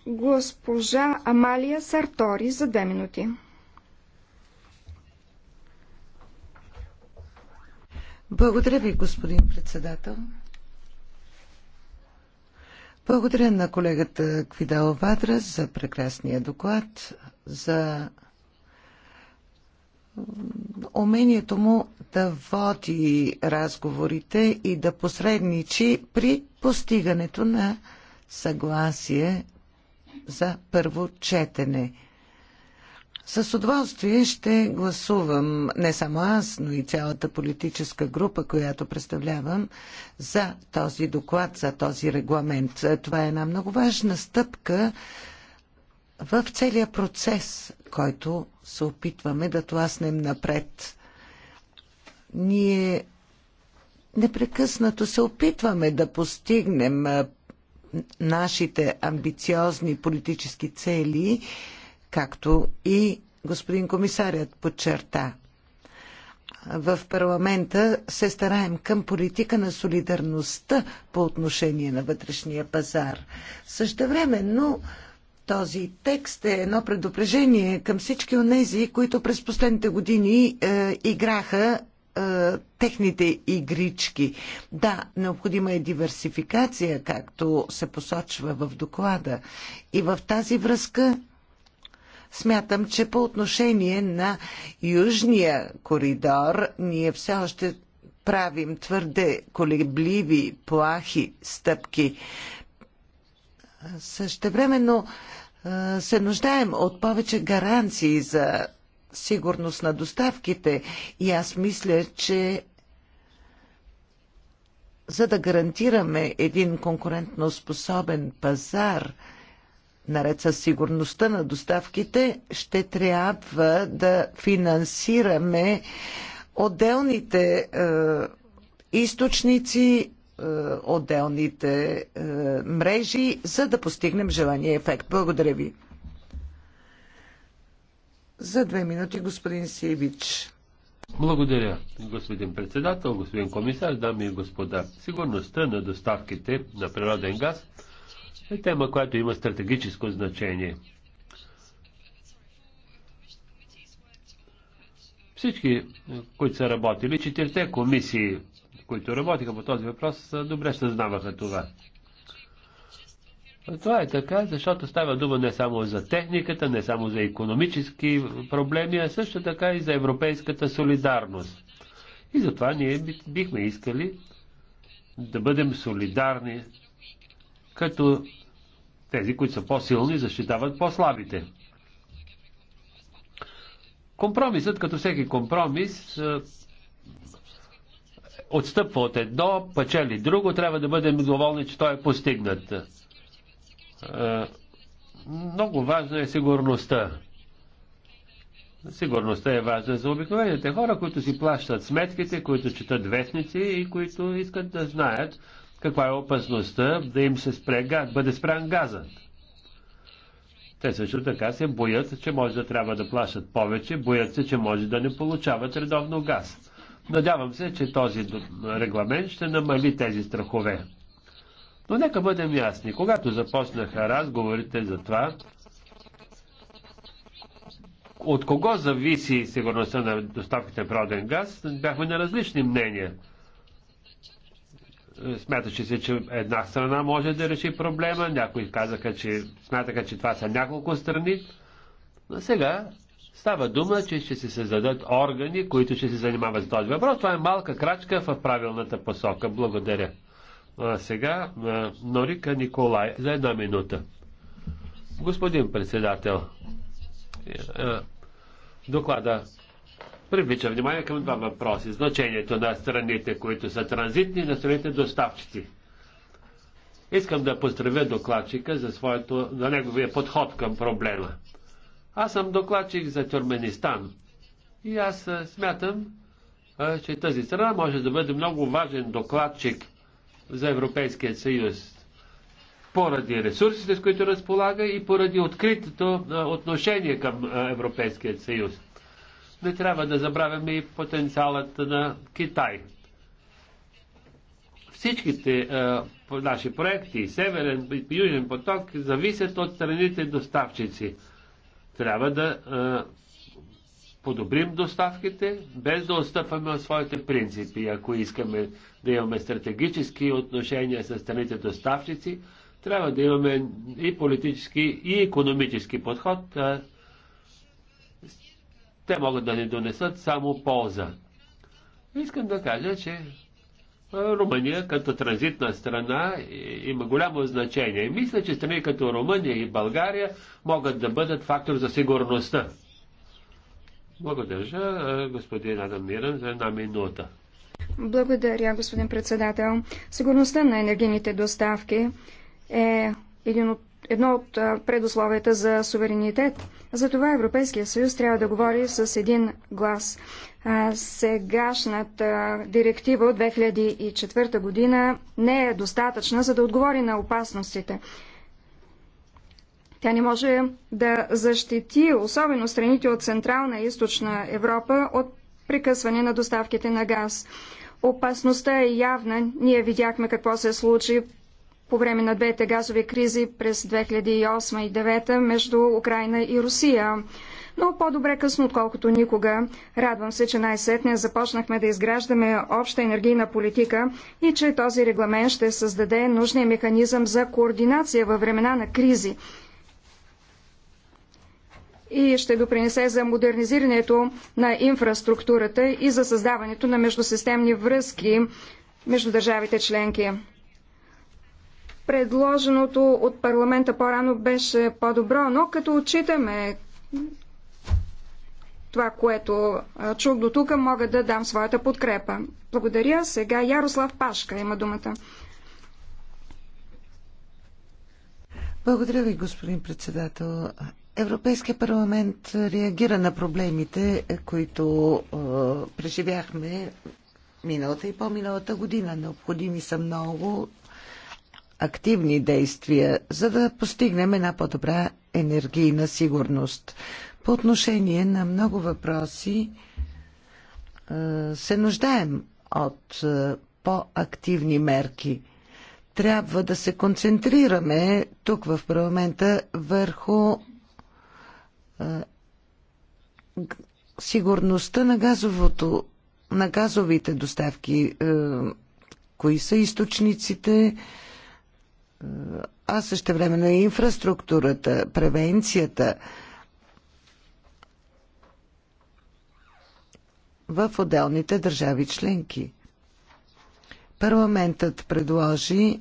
Госпожа Амалия Сартори за две минути. Благодаря ви, господин председател. Благодаря на колегата Квидал Вадра за прекрасния доклад, за умението му да води разговорите и да посредничи при постигането на съгласие за първо четене. С удоволствие ще гласувам не само аз, но и цялата политическа група, която представлявам, за този доклад, за този регламент. Това е една много важна стъпка в целия процес, който се опитваме да тласнем напред. Ние непрекъснато се опитваме да постигнем нашите амбициозни политически цели, както и господин комисарят подчерта. В парламента се стараем към политика на солидарността по отношение на вътрешния пазар. Същевременно, но този текст е едно предупреждение към всички от тези, които през последните години е, играха е, техните игрички. Да, необходима е диверсификация, както се посочва в доклада. И в тази връзка смятам, че по отношение на Южния коридор ние все още правим твърде колебливи, плахи стъпки. Същевременно се нуждаем от повече гаранции за сигурност на доставките и аз мисля, че за да гарантираме един конкурентно способен пазар, наред с сигурността на доставките, ще трябва да финансираме отделните е, източници е, отделните е, мрежи, за да постигнем желания ефект. Благодаря ви. За две минути господин Сивич. Благодаря, господин председател, господин комисар, дами и господа. Сигурността на доставките на природен газ е тема, която има стратегическо значение. Всички, които са работили, четирите комисии които работиха по този въпрос, добре съзнаваха това. Това е така, защото става дума не само за техниката, не само за економически проблеми, а също така и за европейската солидарност. И затова ние бихме искали да бъдем солидарни, като тези, които са по-силни, защитават по-слабите. Компромисът, като всеки компромис, отстъпва от едно, печели друго, трябва да бъдем доволни, че той е постигнат. Е, много важна е сигурността. Сигурността е важна за обикновените хора, които си плащат сметките, които четат вестници и които искат да знаят каква е опасността да им се спре, бъде спрян газът. Те също така се боят, че може да трябва да плащат повече, боят се, че може да не получават редовно газ. Надявам се, че този регламент ще намали тези страхове. Но нека бъдем ясни. Когато започнаха разговорите за това, от кого зависи сигурността на доставките на природен газ, бяхме на различни мнения. Смяташе се, че една страна може да реши проблема, някои казаха, че смятаха, че това са няколко страни. Но сега Става дума, че ще се създадат органи, които ще се занимават с този въпрос. Това е малка крачка в правилната посока. Благодаря. А сега Норика Николай за една минута. Господин председател, доклада привлича внимание към два въпроси. Значението на страните, които са транзитни, на страните доставчици. Искам да поздравя докладчика за, своето, на неговия подход към проблема. Аз съм докладчик за Тюрменистан и аз смятам, че тази страна може да бъде много важен докладчик за Европейския съюз поради ресурсите, с които разполага и поради откритото отношение към Европейския съюз. Не трябва да забравяме и потенциалът на Китай. Всичките наши проекти, Северен и Южен поток, зависят от страните доставчици. Трябва да а, подобрим доставките, без да отстъпваме от своите принципи. Ако искаме да имаме стратегически отношения с страните доставчици, трябва да имаме и политически, и економически подход. Те могат да ни донесат само полза. Искам да кажа, че Румъния като транзитна страна има голямо значение. Мисля, че страни като Румъния и България могат да бъдат фактор за сигурността. Благодаря, господин Адам Мирен, за една минута. Благодаря, господин председател. Сигурността на енергийните доставки е един от едно от предусловията за суверенитет. Затова Европейския съюз трябва да говори с един глас. Сегашната директива от 2004 година не е достатъчна, за да отговори на опасностите. Тя не може да защити особено страните от Централна и Източна Европа от прекъсване на доставките на газ. Опасността е явна. Ние видяхме какво се случи по време на двете газови кризи през 2008 и 2009 между Украина и Русия. Но по-добре късно, отколкото никога. Радвам се, че най-сетне започнахме да изграждаме обща енергийна политика и че този регламент ще създаде нужния механизъм за координация във времена на кризи и ще допринесе за модернизирането на инфраструктурата и за създаването на междусистемни връзки между държавите членки. Предложеното от парламента по-рано беше по-добро, но като отчитаме това, което чух до тук, мога да дам своята подкрепа. Благодаря. Сега Ярослав Пашка има думата. Благодаря ви, господин председател. Европейския парламент реагира на проблемите, които е, преживяхме миналата и по-миналата година. Необходими са много активни действия, за да постигнем една по-добра енергийна сигурност. По отношение на много въпроси се нуждаем от по-активни мерки. Трябва да се концентрираме тук в парламента върху сигурността на газовото, на газовите доставки, кои са източниците, а също време на инфраструктурата, превенцията в отделните държави членки. Парламентът предложи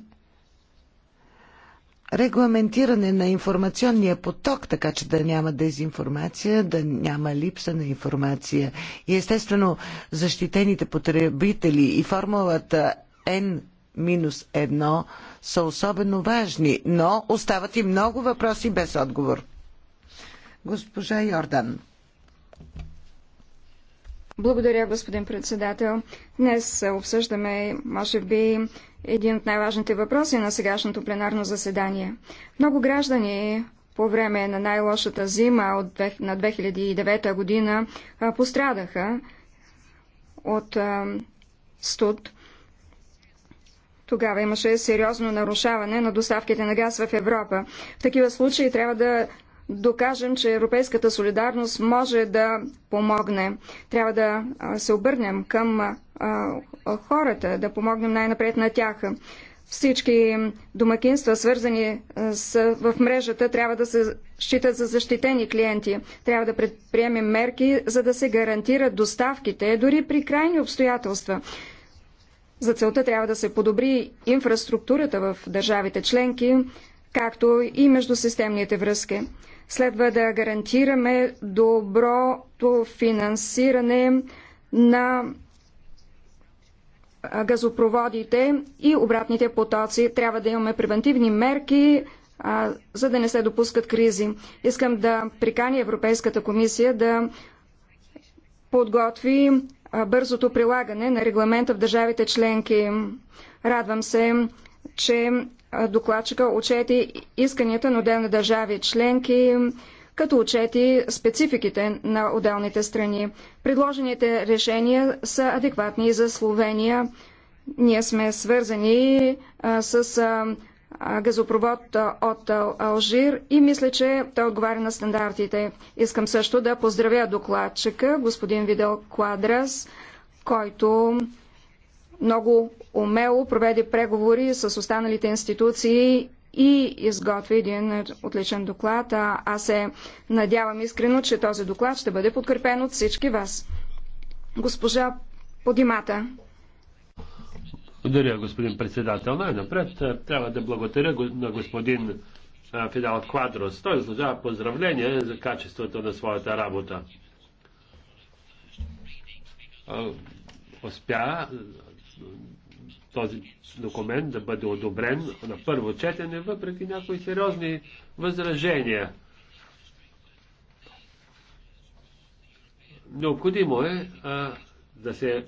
регламентиране на информационния поток, така че да няма дезинформация, да няма липса на информация. И естествено, защитените потребители и формулата N-1 са особено важни, но остават и много въпроси без отговор. Госпожа Йордан. Благодаря, господин председател. Днес обсъждаме, може би, един от най-важните въпроси на сегашното пленарно заседание. Много граждани по време на най-лошата зима от, на 2009 година пострадаха от студ. Тогава имаше сериозно нарушаване на доставките на газ в Европа. В такива случаи трябва да докажем, че европейската солидарност може да помогне. Трябва да се обърнем към хората, да помогнем най-напред на тях. Всички домакинства, свързани с, в мрежата, трябва да се считат за защитени клиенти. Трябва да предприемем мерки, за да се гарантират доставките, дори при крайни обстоятелства. За целта трябва да се подобри инфраструктурата в държавите членки, както и междусистемните връзки. Следва да гарантираме доброто финансиране на газопроводите и обратните потоци. Трябва да имаме превентивни мерки, а, за да не се допускат кризи. Искам да прикани Европейската комисия да подготви бързото прилагане на регламента в държавите членки. Радвам се, че докладчика отчети исканията на отделни държави членки, като отчети спецификите на отделните страни. Предложените решения са адекватни за Словения. Ние сме свързани а, с а, газопровод от Алжир и мисля, че той отговаря на стандартите. Искам също да поздравя докладчика, господин Видел Квадрас, който много умело проведе преговори с останалите институции и изготви един отличен доклад. А аз се надявам искрено, че този доклад ще бъде подкрепен от всички вас. Госпожа Подимата. Благодаря, господин председател. Най-напред е, трябва да благодаря на господин е, Фидал Квадрос. Той заслужава поздравления за качеството на своята работа. Е, успя този документ да бъде одобрен на първо четене, въпреки някои сериозни възражения. Необходимо е а, да се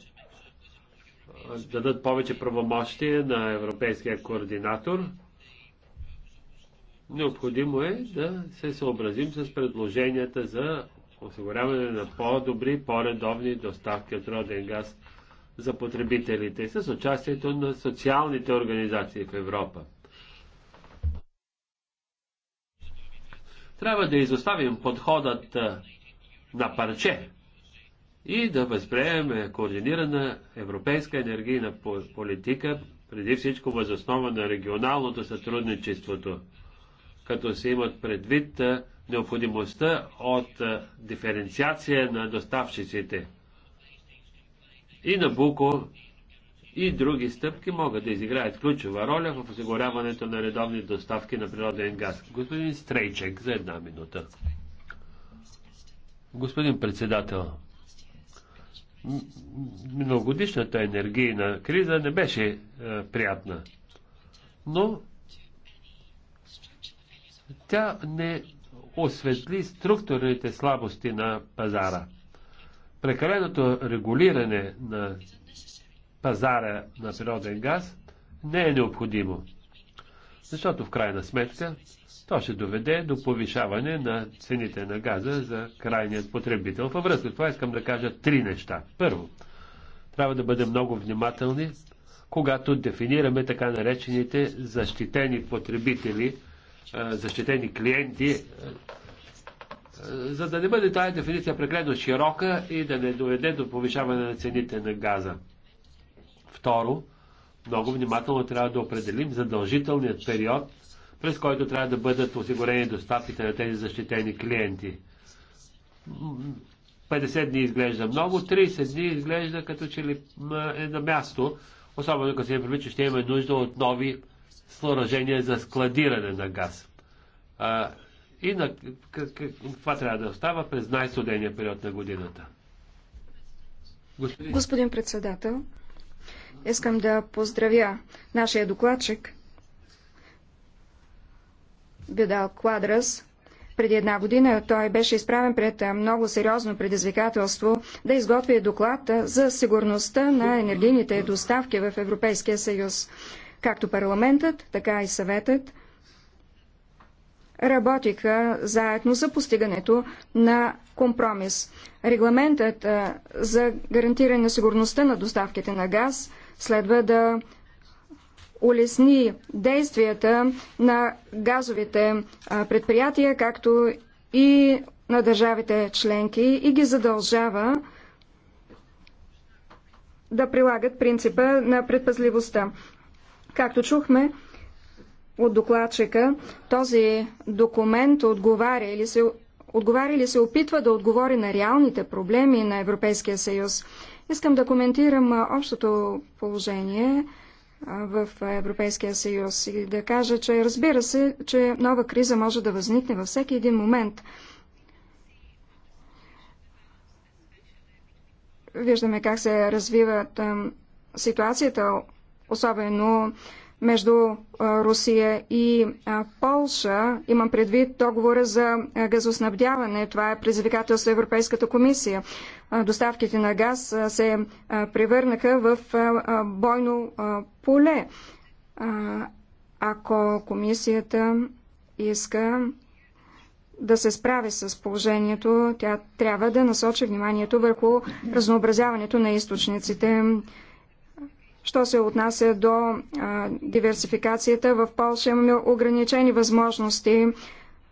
дадат повече правомощия на европейския координатор. Необходимо е да се съобразим с предложенията за осигуряване на по-добри, по-редовни доставки от роден газ за потребителите с участието на социалните организации в Европа. Трябва да изоставим подходът на парче и да възприеме координирана европейска енергийна политика, преди всичко възоснова на регионалното сътрудничеството, като се имат предвид необходимостта от диференциация на доставчиците. И на буко и други стъпки могат да изиграят ключова роля в осигуряването на редовни доставки на природен газ. Господин Стрейчек, за една минута. Господин председател, многогодишната енергийна криза не беше е, приятна, но тя не осветли структурните слабости на пазара. Прекаленото регулиране на пазара на природен газ не е необходимо, защото в крайна сметка то ще доведе до повишаване на цените на газа за крайният потребител. Във връзка с това искам да кажа три неща. Първо, трябва да бъдем много внимателни, когато дефинираме така наречените защитени потребители, защитени клиенти, за да не бъде тази дефиниция прекалено широка и да не доведе до повишаване на цените на газа. Второ, много внимателно трябва да определим задължителният период – през който трябва да бъдат осигурени доставките на тези защитени клиенти. 50 дни изглежда много, 30 дни изглежда като че ли е на място, особено като се е че ще имаме нужда от нови съоръжения за складиране на газ. А, и на, това трябва да остава през най-студения период на годината. Господин... Господин председател, искам да поздравя нашия докладчик Бедал Квадрас. Преди една година той беше изправен пред много сериозно предизвикателство да изготви доклад за сигурността на енергийните доставки в Европейския съюз. Както парламентът, така и съветът работиха заедно за постигането на компромис. Регламентът за гарантиране на сигурността на доставките на газ следва да улесни действията на газовите предприятия, както и на държавите членки и ги задължава да прилагат принципа на предпазливостта. Както чухме от докладчика, този документ отговаря или се отговаря или се опитва да отговори на реалните проблеми на Европейския съюз. Искам да коментирам общото положение в Европейския съюз и да кажа, че разбира се, че нова криза може да възникне във всеки един момент. Виждаме как се развива ситуацията, особено между Русия и Полша. Имам предвид договора за газоснабдяване. Това е предизвикателство Европейската комисия доставките на газ се превърнаха в бойно поле. Ако комисията иска да се справи с положението, тя трябва да насочи вниманието върху разнообразяването на източниците. Що се отнася до а, диверсификацията, в Польша имаме ограничени възможности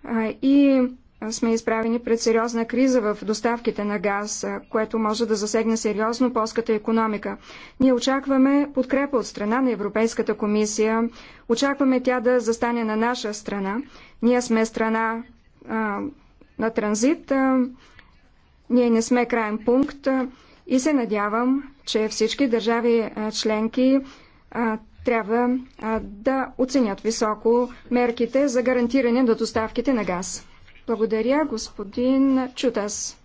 а, и сме изправени пред сериозна криза в доставките на газ, което може да засегне сериозно полската економика. Ние очакваме подкрепа от страна на Европейската комисия, очакваме тя да застане на наша страна. Ние сме страна а, на транзит, а, ние не сме крайен пункт а, и се надявам, че всички държави а, членки а, трябва а, да оценят високо мерките за гарантиране на доставките на газ. Благодаря, господин Чутас.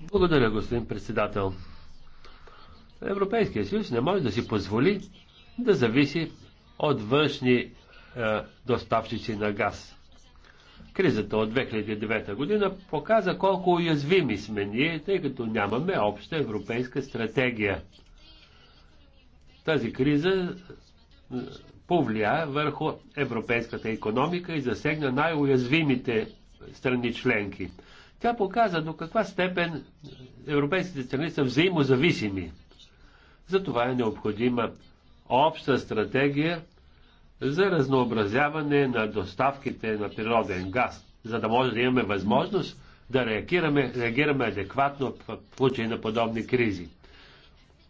Благодаря, господин председател. Европейския съюз не може да си позволи да зависи от външни е, доставчици на газ. Кризата от 2009 година показа колко уязвими сме ние, тъй като нямаме обща европейска стратегия. Тази криза е, повлия върху европейската економика и засегна най-уязвимите страни членки. Тя показа до каква степен европейските страни са взаимозависими. Затова е необходима обща стратегия за разнообразяване на доставките на природен газ, за да може да имаме възможност да реагираме, реагираме адекватно в случай на подобни кризи.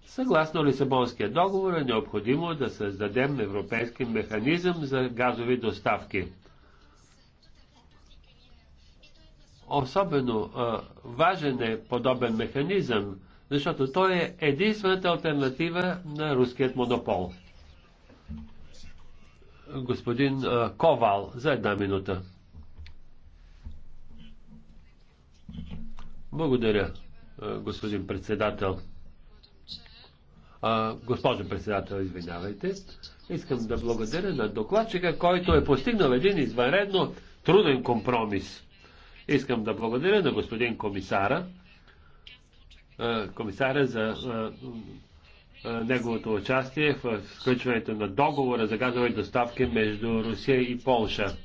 Съгласно Лисабонския договор е необходимо да създадем европейски механизъм за газови доставки – Особено а, важен е подобен механизъм, защото той е единствената альтернатива на руският монопол. Господин а, Ковал, за една минута. Благодаря, господин председател. А, госпожо председател, извинявайте. Искам да благодаря на докладчика, който е постигнал един извънредно труден компромис. Искам да благодаря на господин комисара, комисара, за неговото участие в сключването на договора за газови доставки между Русия и Полша.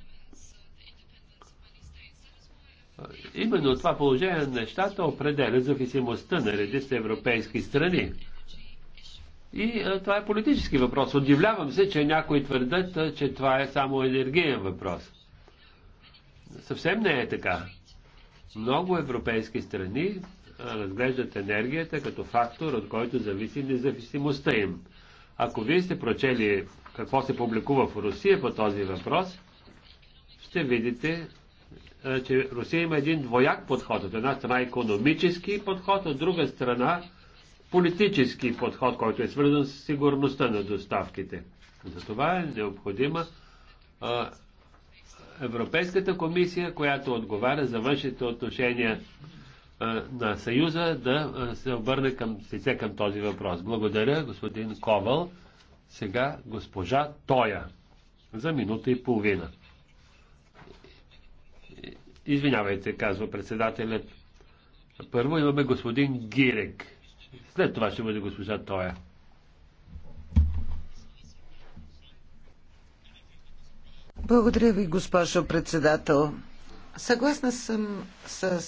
Именно това положение на нещата определя зависимостта на редица европейски страни. И а, това е политически въпрос. Удивлявам се, че някои твърдят, че това е само енергиен въпрос съвсем не е така. Много европейски страни разглеждат енергията като фактор, от който зависи независимостта им. Ако вие сте прочели какво се публикува в Русия по този въпрос, ще видите, че Русия има един двояк подход. От една страна економически подход, от друга страна политически подход, който е свързан с сигурността на доставките. Затова е необходима Европейската комисия, която отговаря за външните отношения на Съюза, да се обърне към, лице към този въпрос. Благодаря, господин Ковал. Сега госпожа Тоя за минута и половина. Извинявайте, казва председателят. Първо имаме господин Гирек. След това ще бъде госпожа Тоя. Благодаря ви, госпожо председател. Съгласна съм с.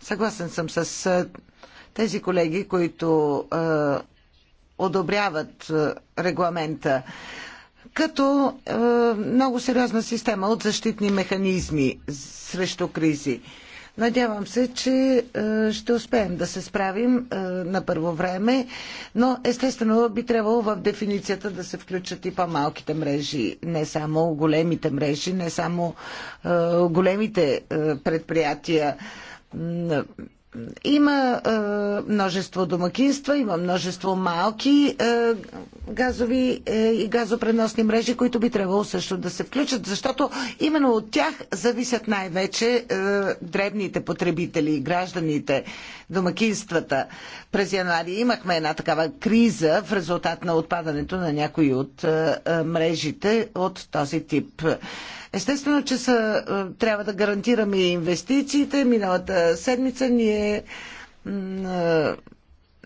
Съгласен съм с тези колеги, които е, одобряват регламента като е, много сериозна система от защитни механизми срещу кризи. Надявам се, че е, ще успеем да се справим е, на първо време, но естествено би трябвало в дефиницията да се включат и по-малките мрежи, не само големите мрежи, не само е, големите предприятия има е, множество домакинства, има множество малки е, газови е, и газопреносни мрежи, които би трябвало също да се включат, защото именно от тях зависят най-вече е, дребните потребители, гражданите, домакинствата. През януари имахме една такава криза в резултат на отпадането на някои от е, е, мрежите от този тип. Е, Естествено, че са, е, трябва да гарантираме инвестициите. Миналата седмица ние е,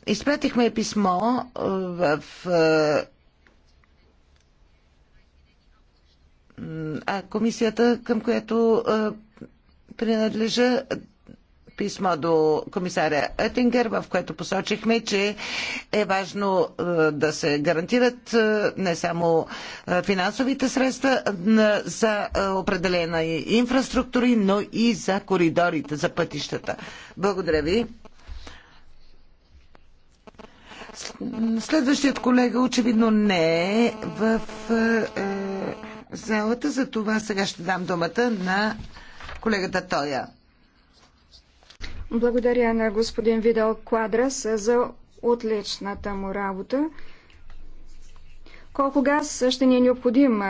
изпратихме писмо е, в комисията, към която принадлежа писмо до комисаря Етингер, в което посочихме, че е важно е, да се гарантират е, не само е, финансовите средства за определена инфраструктури, но и за коридорите, за пътищата. Благодаря ви. Следващият колега очевидно не е в залата, за това сега ще дам думата на колегата Тоя. Благодаря на господин Видал Квадрас за отличната му работа. Колко газ ще ни е необходим?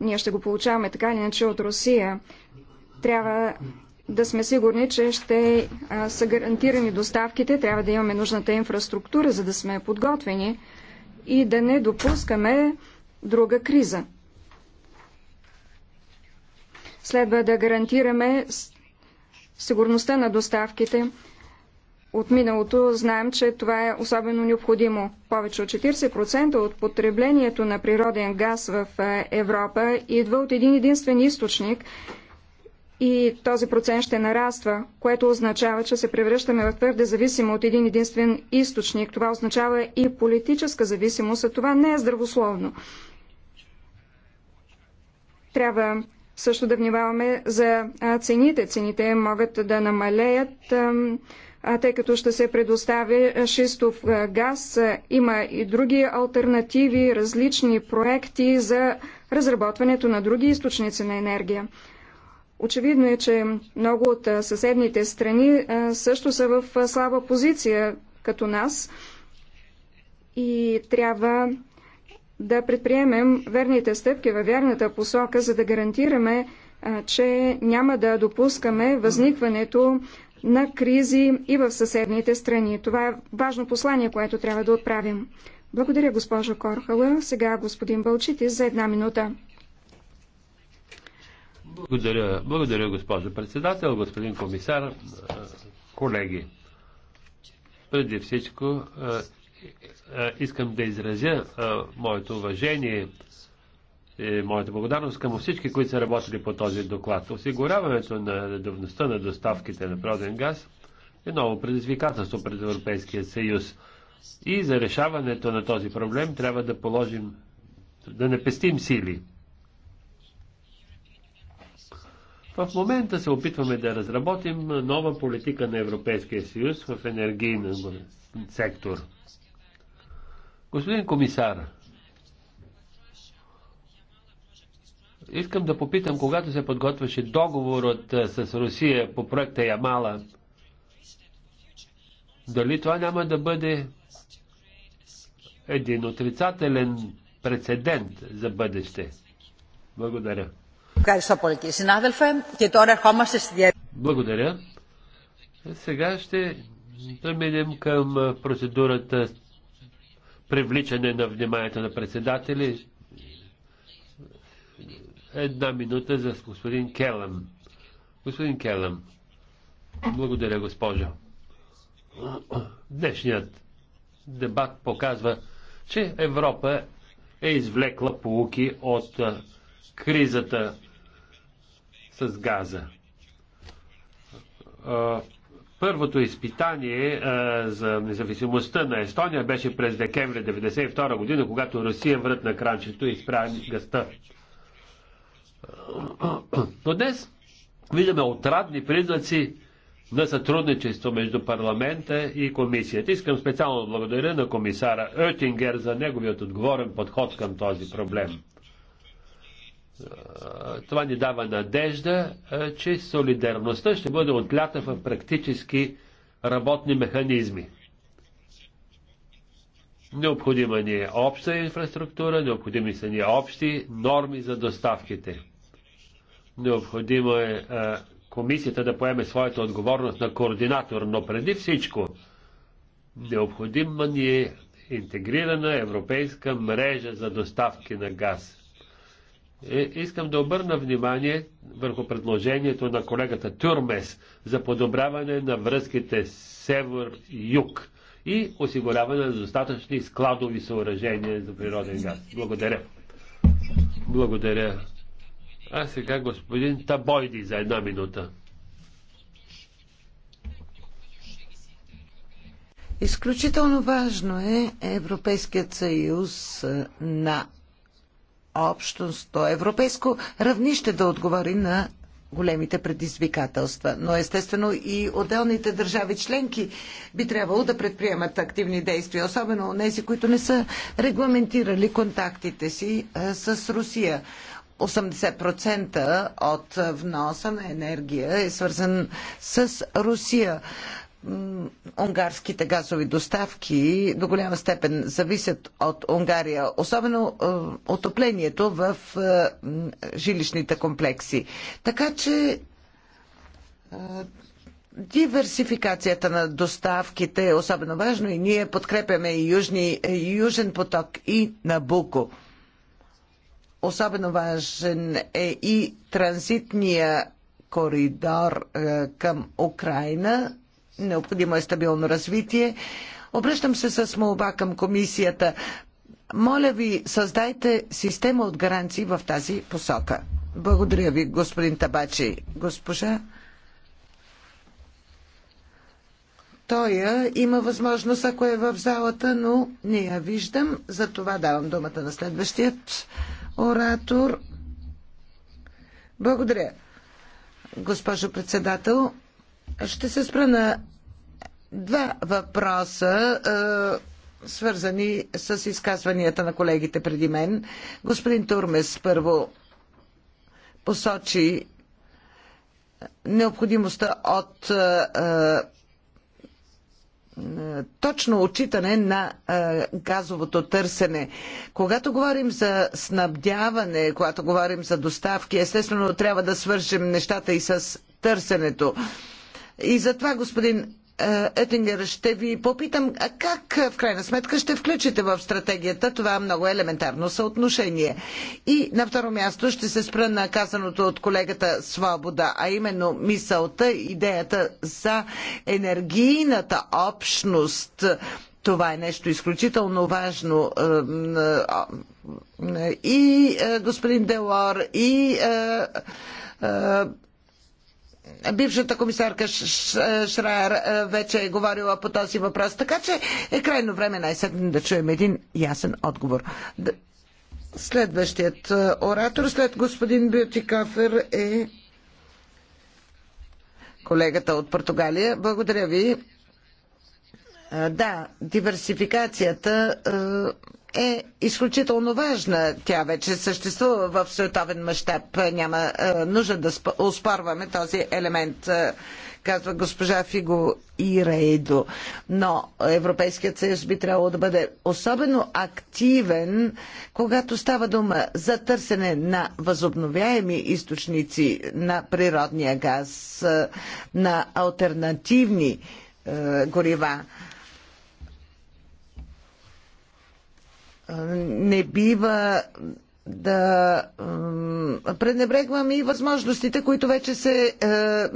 Ние ще го получаваме така или иначе от Русия. Трябва да сме сигурни, че ще са гарантирани доставките, трябва да имаме нужната инфраструктура, за да сме подготвени и да не допускаме друга криза. Следва да гарантираме сигурността на доставките. От миналото знаем, че това е особено необходимо. Повече от 40% от потреблението на природен газ в Европа идва от един единствен източник и този процент ще нараства, което означава, че се превръщаме в твърде зависимо от един единствен източник. Това означава и политическа зависимост, а това не е здравословно. Трябва също да внимаваме за цените. Цените могат да намалеят, тъй като ще се предостави шистов газ. Има и други альтернативи, различни проекти за разработването на други източници на енергия. Очевидно е, че много от съседните страни също са в слаба позиция като нас и трябва да предприемем верните стъпки във вярната посока, за да гарантираме, че няма да допускаме възникването на кризи и в съседните страни. Това е важно послание, което трябва да отправим. Благодаря, госпожо Корхала. Сега господин Бълчити за една минута. Благодаря, благодаря госпожо председател, господин комисар, колеги. Преди всичко е, е, искам да изразя е, моето уважение и моята благодарност към всички, които са работили по този доклад. Осигуряването на редовността на доставките на природен газ е ново предизвикателство пред Европейския съюз. И за решаването на този проблем трябва да положим, да не пестим сили. В момента се опитваме да разработим нова политика на Европейския съюз в енергийния сектор. Господин комисар, искам да попитам, когато се подготвяше договорът с Русия по проекта Ямала, дали това няма да бъде един отрицателен прецедент за бъдеще. Благодаря. Благодаря. Сега ще преминем към процедурата привличане на вниманието на председатели. Една минута за господин Келъм. Господин Келъм, благодаря, госпожо. Днешният дебат показва, че Европа е извлекла полуки от кризата с газа Първото изпитание а, е, за независимостта на Естония беше през декември 1992 година, когато Русия врат на кранчето и спря гъста. Но днес виждаме отрадни признаци на сътрудничество между парламента и комисията. Искам специално благодаря на комисара Оетингер за неговият отговорен подход към този проблем това ни дава надежда, че солидарността ще бъде отлята в практически работни механизми. Необходима ни е обща инфраструктура, необходими са ни общи норми за доставките. Необходимо е комисията да поеме своята отговорност на координатор, но преди всичко необходима ни е интегрирана европейска мрежа за доставки на газ. Е, искам да обърна внимание върху предложението на колегата Тюрмес за подобряване на връзките север-юг и осигуряване на достатъчни складови съоръжения за природен газ. Благодаря. Благодаря. А сега господин Табойди за една минута. Изключително важно е Европейският съюз на общностно европейско равнище да отговори на големите предизвикателства. Но естествено и отделните държави членки би трябвало да предприемат активни действия, особено тези, които не са регламентирали контактите си с Русия. 80% от вноса на енергия е свързан с Русия унгарските газови доставки до голяма степен зависят от Унгария, особено е, отоплението в е, жилищните комплекси. Така че е, диверсификацията на доставките е особено важно и ние подкрепяме и, южни, и Южен поток и Набуко. Особено важен е и транзитния коридор към Украина необходимо е стабилно развитие. Обръщам се с молба към комисията. Моля ви, създайте система от гаранции в тази посока. Благодаря ви, господин Табачи. Госпожа Тоя има възможност, ако е в залата, но не я виждам. За това давам думата на следващият оратор. Благодаря, госпожо председател. Ще се спра на два въпроса, е, свързани с изказванията на колегите преди мен. Господин Турмес първо посочи необходимостта от е, е, точно отчитане на газовото търсене. Когато говорим за снабдяване, когато говорим за доставки, естествено трябва да свържем нещата и с търсенето. И затова, господин е, Етингер, ще ви попитам как в крайна сметка ще включите в стратегията това много елементарно съотношение. И на второ място ще се спра на казаното от колегата Свобода, а именно мисълта, идеята за енергийната общност. Това е нещо изключително важно. Е, е, и господин Делор, и бившата комисарка Шраер е, вече е говорила по този въпрос, така че е крайно време най-сетне да чуем един ясен отговор. Следващият е, оратор след господин Кафер е колегата от Португалия. Благодаря ви. Е, да, диверсификацията е изключително важна. Тя вече съществува в световен мащаб. Няма е, нужда да оспорваме този елемент, е, казва госпожа Фиго и Рейдо. Но Европейският съюз би трябвало да бъде особено активен, когато става дума за търсене на възобновяеми източници на природния газ, е, на альтернативни горива. не бива да пренебрегвам и възможностите, които вече се е,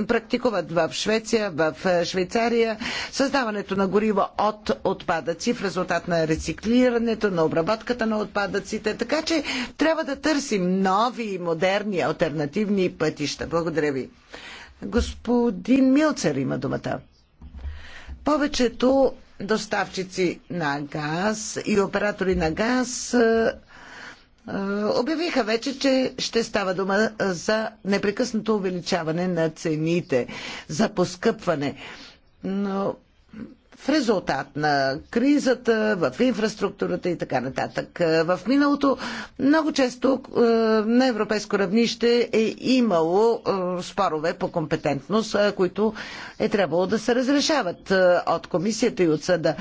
практикуват в Швеция, в е, Швейцария. Създаването на горива от отпадъци в резултат на рециклирането, на обработката на отпадъците. Така че трябва да търсим нови, модерни, альтернативни пътища. Благодаря ви. Господин Милцер има думата. Повечето доставчици на газ и оператори на газ е, е, обявиха вече, че ще става дума за непрекъснато увеличаване на цените, за поскъпване. Но в резултат на кризата, в инфраструктурата и така нататък. В миналото много често е, на европейско равнище е имало е, спорове по компетентност, е, които е трябвало да се разрешават от комисията и от съда.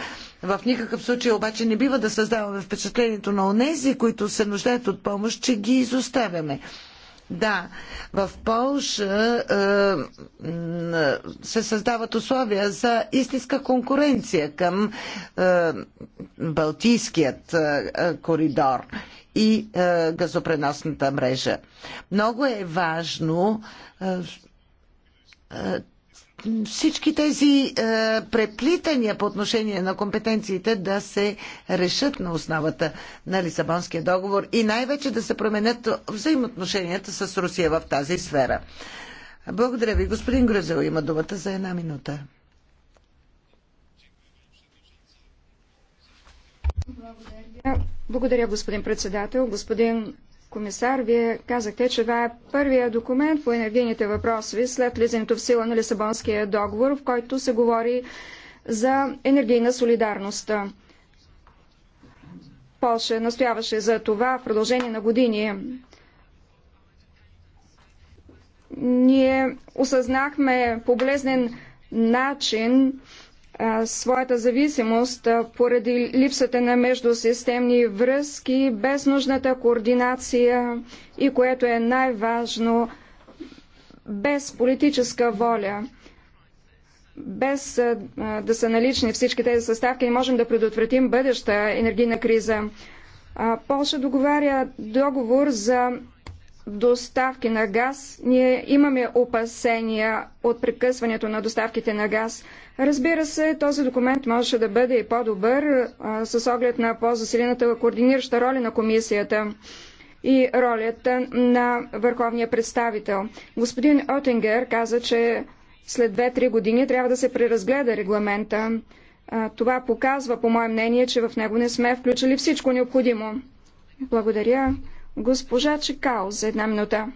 В никакъв случай обаче не бива да създаваме впечатлението на онези, които се нуждаят от помощ, че ги изоставяме. Да, в Полша е, се създават условия за истинска конкуренция към е, Балтийският е, коридор и газопреносната мрежа. Много е важно всички тези е, преплитания по отношение на компетенциите да се решат на основата на Лисабонския договор и най-вече да се променят взаимоотношенията с Русия в тази сфера. Благодаря ви. Господин Грозел има думата за една минута. Благодаря, Благодаря господин председател, господин Комисар, вие казахте, че това е първия документ по енергийните въпроси след влизането в сила на Лисабонския договор, в който се говори за енергийна солидарност. Полша настояваше за това в продължение на години. Ние осъзнахме по начин своята зависимост поради липсата на междусистемни връзки, без нужната координация и, което е най-важно, без политическа воля. Без да са налични всички тези съставки, не можем да предотвратим бъдеща енергийна криза. Полша договаря договор за доставки на газ, ние имаме опасения от прекъсването на доставките на газ. Разбира се, този документ можеше да бъде и по-добър с оглед на по-засилената координираща роля на комисията и ролята на върховния представител. Господин Отингер каза, че след 2-3 години трябва да се преразгледа регламента. Това показва, по мое мнение, че в него не сме включили всичко необходимо. Благодаря. Госпожа Чекао за една минута.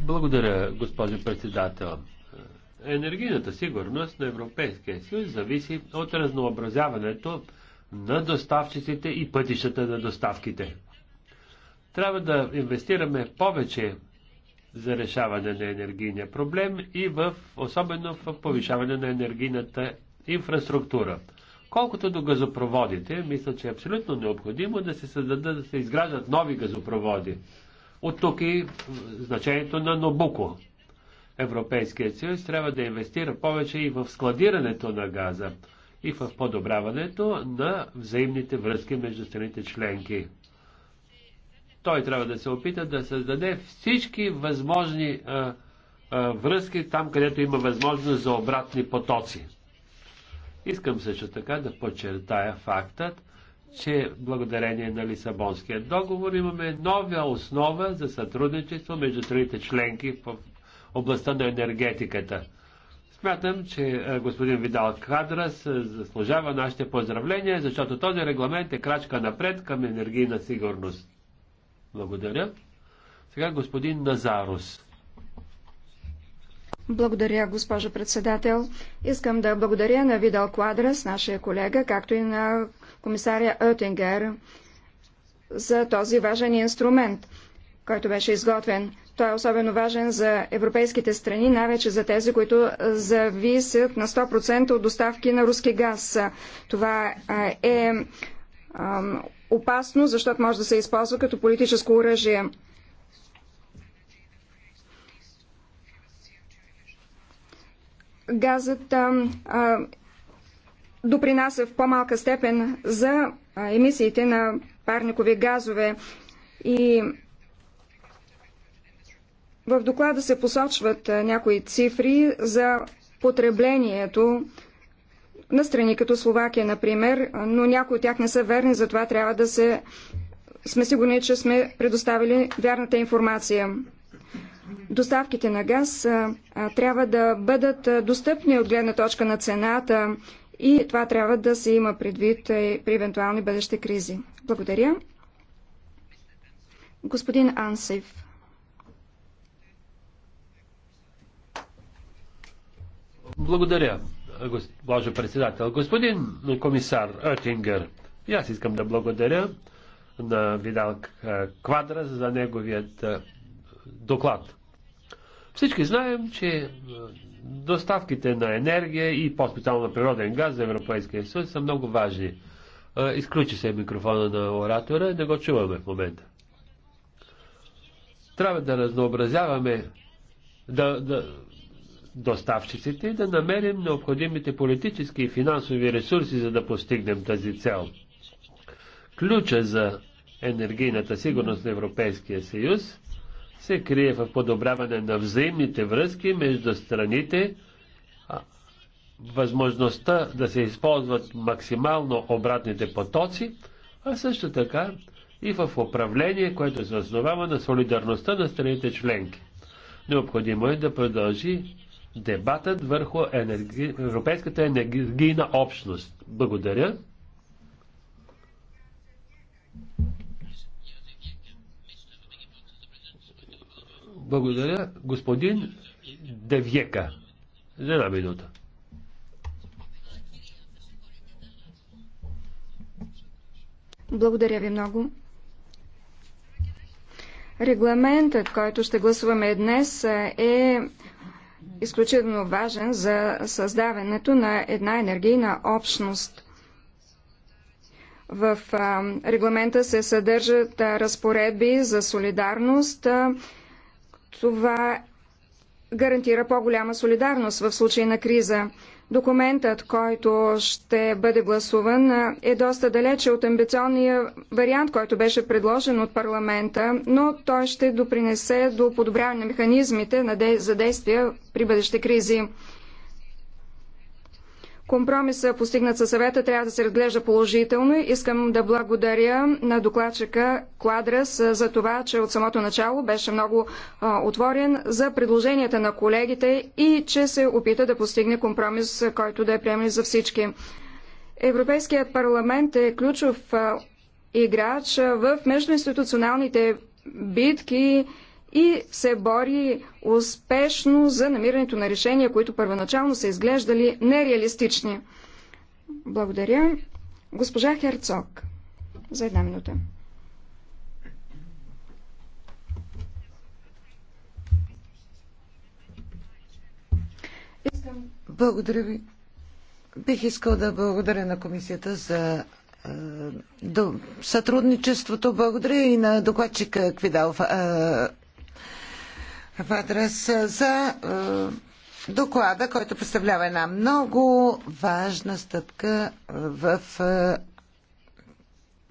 Благодаря, госпожо председател. Енергийната сигурност на Европейския съюз зависи от разнообразяването на доставчиците и пътищата на доставките. Трябва да инвестираме повече за решаване на енергийния проблем и в, особено в повишаване на енергийната инфраструктура. Колкото до газопроводите, мисля, че е абсолютно необходимо да се създадат, да се изграждат нови газопроводи. От тук и значението на Нобуко. Европейският съюз трябва да инвестира повече и в складирането на газа и в подобряването на взаимните връзки между страните членки. Той трябва да се опита да създаде всички възможни а, а, връзки там, където има възможност за обратни потоци. Искам също така да подчертая фактът, че благодарение на Лисабонския договор имаме нова основа за сътрудничество между трите членки в областта на енергетиката. Смятам, че е, господин Видал Кадрас е, заслужава нашите поздравления, защото този регламент е крачка напред към енергийна сигурност. Благодаря. Сега господин Назарус. Благодаря, госпожо председател. Искам да благодаря на Видал Квадрас, нашия колега, както и на комисаря Оттингер за този важен инструмент, който беше изготвен. Той е особено важен за европейските страни, най-вече за тези, които зависят на 100% от доставки на руски газ. Това е опасно, защото може да се използва като политическо оръжие. газът а, а, допринася в по-малка степен за емисиите на парникови газове. И в доклада се посочват някои цифри за потреблението на страни като Словакия, например, но някои от тях не са верни, затова трябва да се сме сигурни, че сме предоставили вярната информация доставките на газ трябва да бъдат достъпни от гледна точка на цената и това трябва да се има предвид при евентуални бъдещи кризи. Благодаря. Господин Ансев. Благодаря, госпожо председател. Господин комисар Оттингер, и аз искам да благодаря на Видал Квадра за неговият доклад. Всички знаем, че е, доставките на енергия и по-специално на природен газ за Европейския съюз са много важни. Е, изключи се микрофона на оратора, и не го чуваме в момента. Трябва да разнообразяваме да, да, доставчиците и да намерим необходимите политически и финансови ресурси, за да постигнем тази цел. Ключа за енергийната сигурност на Европейския съюз се крие в подобряване на взаимните връзки между страните, възможността да се използват максимално обратните потоци, а също така и в управление, което се основава на солидарността на страните членки. Необходимо е да продължи дебатът върху енерги... Европейската енергийна общност. Благодаря. Благодаря, господин Девьека. За една минута. Благодаря ви много. Регламентът, който ще гласуваме днес, е изключително важен за създаването на една енергийна общност. В регламента се съдържат разпоредби за солидарност, това гарантира по-голяма солидарност в случай на криза. Документът, който ще бъде гласуван, е доста далече от амбиционния вариант, който беше предложен от парламента, но той ще допринесе до подобряване на механизмите за действия при бъдещи кризи. Компромиса, постигнат със съвета, трябва да се разглежда положително. Искам да благодаря на докладчика Квадрас за това, че от самото начало беше много а, отворен за предложенията на колегите и че се опита да постигне компромис, който да е приемлив за всички. Европейският парламент е ключов а, играч в междуинституционалните битки и се бори успешно за намирането на решения, които първоначално са изглеждали нереалистични. Благодаря. Госпожа Херцог, за една минута. Благодаря ви. Бих искал да благодаря на комисията за до сътрудничеството. Благодаря и на докладчика Квидалов в адрес за доклада, който представлява една много важна стъпка в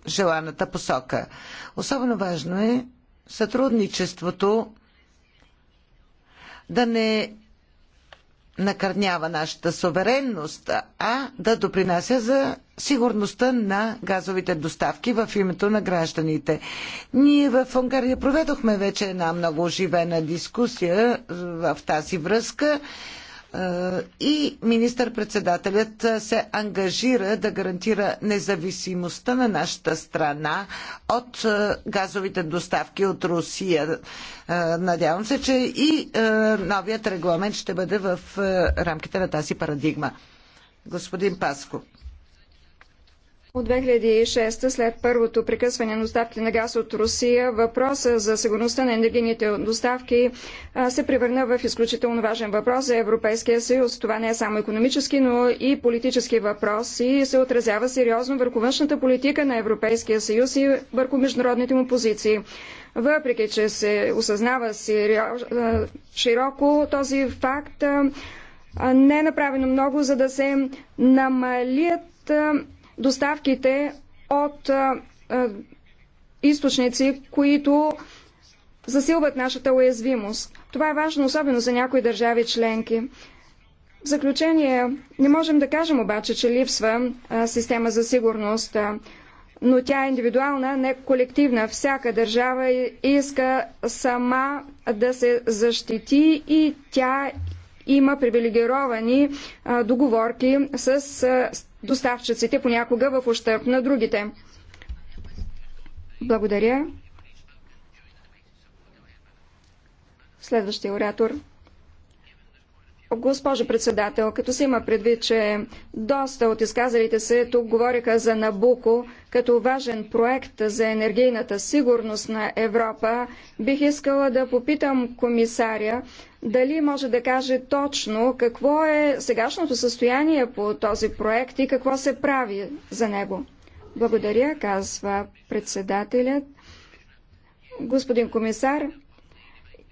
желаната посока. Особено важно е сътрудничеството да не накърнява нашата суверенност, а да допринася за сигурността на газовите доставки в името на гражданите. Ние в Унгария проведохме вече една много оживена дискусия в тази връзка е, и министър-председателят е, се ангажира да гарантира независимостта на нашата страна от е, газовите доставки от Русия. Надявам се, че и новият регламент ще бъде в рамките на тази парадигма. Господин Паско. От 2006 след първото прекъсване на доставки на газ от Русия, въпроса за сигурността на енергийните доставки се превърна в изключително важен въпрос за Европейския съюз. Това не е само економически, но и политически въпрос и се отразява сериозно върху външната политика на Европейския съюз и върху международните му позиции. Въпреки, че се осъзнава широко този факт, не е направено много, за да се намалят доставките от източници, които засилват нашата уязвимост. Това е важно, особено за някои държави членки. В заключение, не можем да кажем обаче, че липсва а, система за сигурност, а, но тя е индивидуална, не колективна. Всяка държава иска сама да се защити и тя има привилегировани договорки с доставчиците, понякога в ущърп на другите. Благодаря. Следващия оратор. Госпожо председател, като се има предвид, че доста от изказалите се тук говориха за Набуко като важен проект за енергийната сигурност на Европа, бих искала да попитам комисаря дали може да каже точно какво е сегашното състояние по този проект и какво се прави за него. Благодаря, казва председателят. Господин комисар,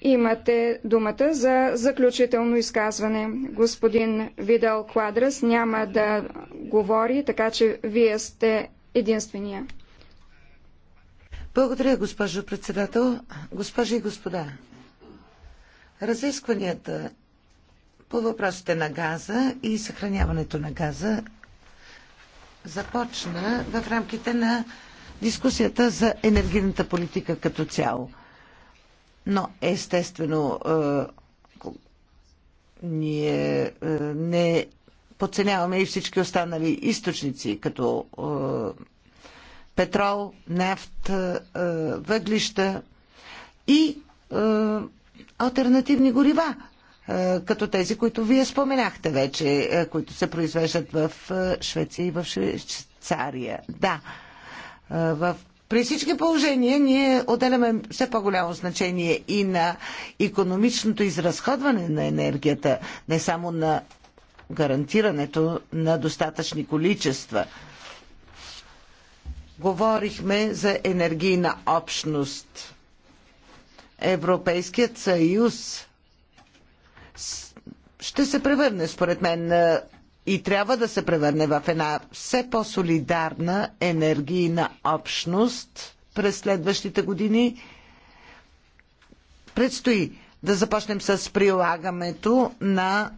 Имате думата за заключително изказване. Господин Видал Квадрас няма да говори, така че вие сте единствения. Благодаря, госпожо председател. Госпожи и господа, разискванията по въпросите на газа и съхраняването на газа започна в рамките на дискусията за енергийната политика като цяло. Но естествено е, ние е, не подценяваме и всички останали източници, като е, петрол, нефт, въглища и альтернативни горива, като тези, които вие споменахте вече, които се произвеждат в Швеция и в Швейцария. Да, в при всички положения ние отделяме все по-голямо значение и на економичното изразходване на енергията, не само на гарантирането на достатъчни количества. Говорихме за енергийна общност. Европейският съюз ще се превърне, според мен, и трябва да се превърне в една все по-солидарна енергийна общност през следващите години. Предстои да започнем с прилагането на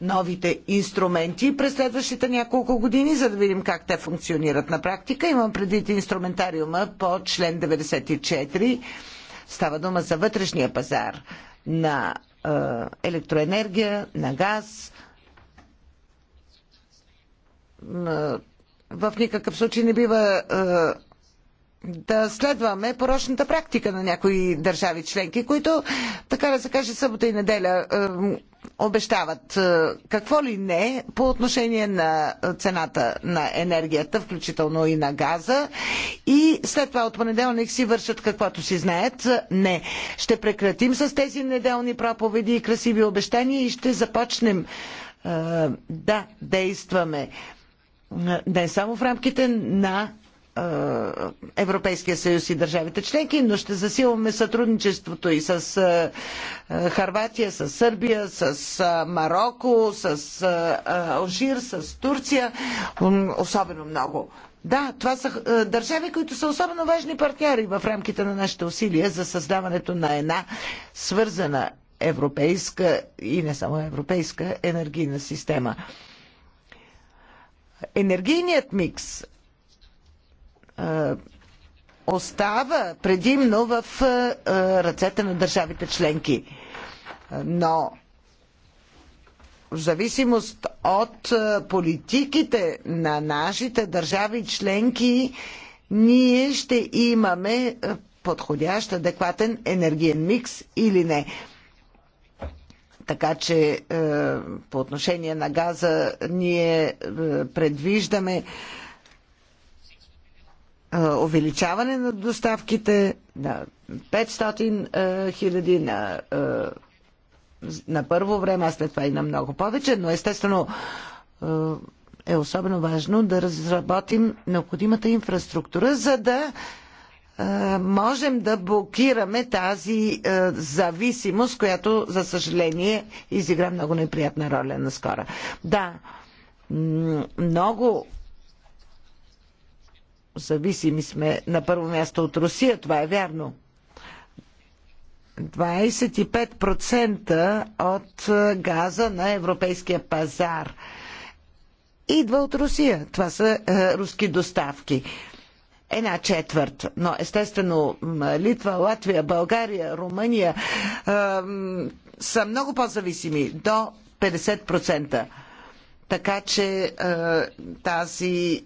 новите инструменти през следващите няколко години, за да видим как те функционират на практика. Имам предвид инструментариума по член 94. Става дума за вътрешния пазар на електроенергия, на газ. В никакъв случай не бива да следваме порочната практика на някои държави членки, които, така да се каже, събота и неделя обещават е, какво ли не по отношение на цената на енергията, включително и на газа. И след това от понеделник си вършат каквото си знаят. Не. Ще прекратим с тези неделни проповеди и красиви обещания и ще започнем е, да действаме е, не само в рамките на е, Европейския съюз и държавите членки, но ще засилваме сътрудничеството и с е, е, Харватия, с Сърбия, с Марокко, с Алжир, с Турция, особено много. Да, това са държави, които са особено важни партньори в рамките на нашите усилия за създаването на една свързана европейска и не само европейска енергийна система. Енергийният микс е, остава предимно в е, е, ръцете на държавите членки. Но в зависимост от политиките на нашите държави членки, ние ще имаме подходящ, адекватен енергиен микс или не. Така че по отношение на газа ние предвиждаме увеличаване на доставките на 500 хиляди на, на първо време, а след това и на много повече, но естествено е особено важно да разработим необходимата инфраструктура, за да можем да блокираме тази зависимост, която, за съжаление, изигра много неприятна роля наскоро. Да, много зависими сме на първо място от Русия, това е вярно. 25% от газа на европейския пазар идва от Русия. Това са е, руски доставки. Една четвърт. Но естествено Литва, Латвия, България, Румъния е, са много по-зависими до 50%. Така че е, тази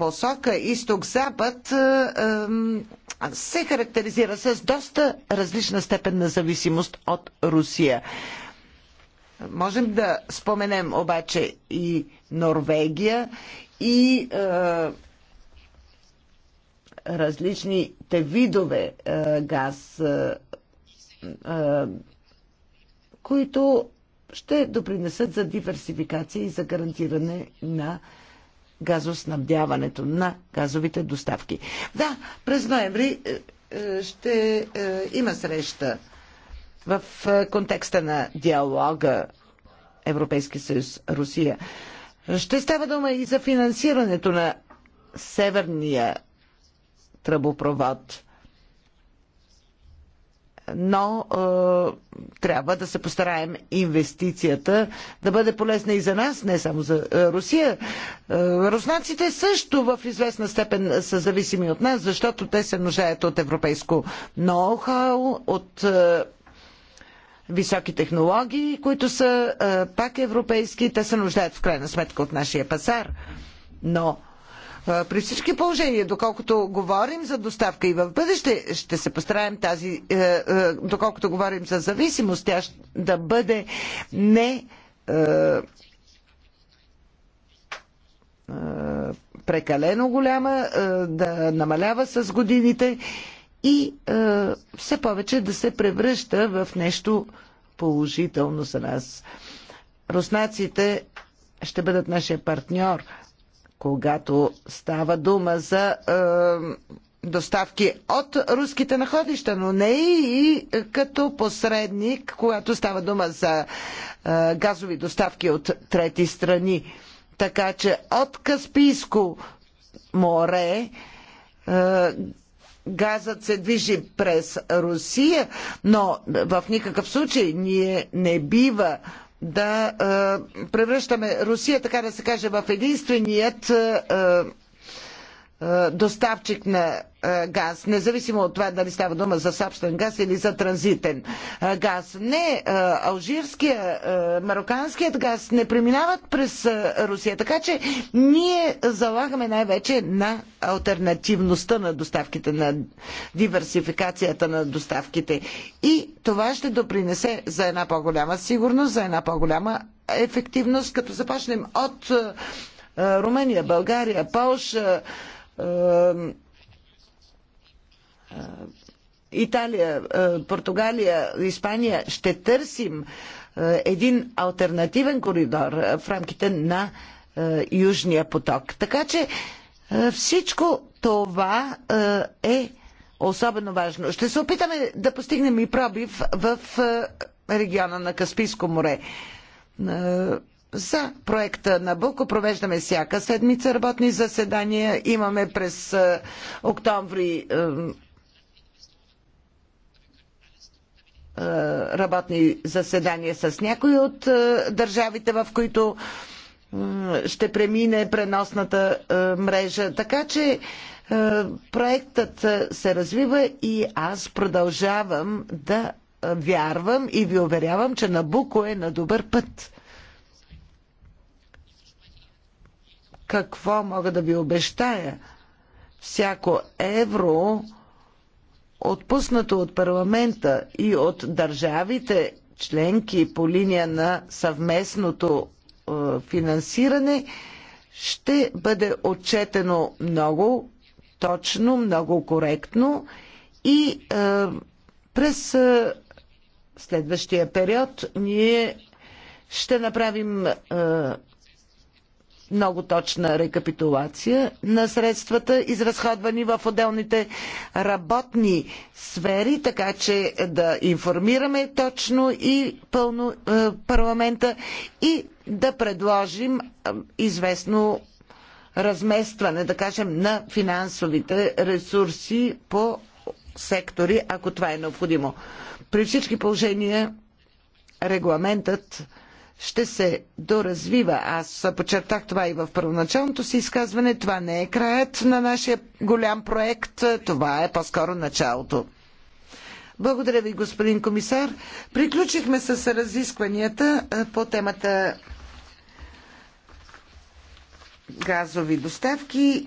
посока изток-запад е, е, се характеризира с доста различна степен на зависимост от Русия. Можем да споменем обаче и Норвегия, и е, различните видове е, газ, е, е които ще допринесат за диверсификация и за гарантиране на е, газоснабдяването, на газовите доставки. Да, през ноември е, е, ще е, има среща в контекста на диалога Европейски съюз Русия. Ще става дума и за финансирането на северния тръбопровод но е, трябва да се постараем инвестицията да бъде полезна и за нас, не само за е, Русия. Е, руснаците също в известна степен са зависими от нас, защото те се нуждаят от европейско ноу-хау, от високи технологии, които са пак европейски. Те се нуждаят в крайна сметка от нашия пазар. Но при всички положения, доколкото говорим за доставка и в бъдеще, ще се постараем тази, е, е, доколкото говорим за зависимост, тя да бъде не е, прекалено голяма, да намалява с годините и все повече да се превръща в нещо положително за нас. Руснаците ще бъдат нашия партньор – когато става дума за е, доставки от руските находища, но не и като посредник, когато става дума за е, газови доставки от трети страни. Така че от Каспийско море е, газът се движи през Русия, но в никакъв случай ние не бива да превръщаме Русия, така да се каже, в единственият е, доставчик на е, газ, независимо от това дали става дума за собствен газ или за транзитен е, газ. Не, алжирския, мароканският газ не преминават през Русия, така че ние залагаме най-вече на альтернативността на доставките, на диверсификацията на доставките. И това ще допринесе за една по-голяма сигурност, за една по-голяма ефективност, като започнем от Румъния, България, Полша, Италия, Португалия, Испания ще търсим един альтернативен коридор в рамките на Южния поток. Така че всичко това е особено важно. Ще се опитаме да постигнем и пробив в региона на Каспийско море за проекта на Буко. Провеждаме всяка седмица работни заседания. Имаме през е, октомври е, е, работни заседания с някои от държавите, в които ще премине преносната мрежа. Така че проектът се развива и аз продължавам да вярвам и ви уверявам, че Набуко е на добър път. Какво мога да ви обещая? Всяко евро, отпуснато от парламента и от държавите членки по линия на съвместното е, финансиране, ще бъде отчетено много точно, много коректно и е, през е, следващия период ние ще направим е, много точна рекапитулация на средствата, изразходвани в отделните работни сфери, така че да информираме точно и пълно е, парламента и да предложим е, известно разместване, да кажем, на финансовите ресурси по сектори, ако това е необходимо. При всички положения регламентът ще се доразвива. Аз подчертах това и в първоначалното си изказване. Това не е краят на нашия голям проект. Това е по-скоро началото. Благодаря ви, господин комисар. Приключихме с разискванията по темата газови доставки и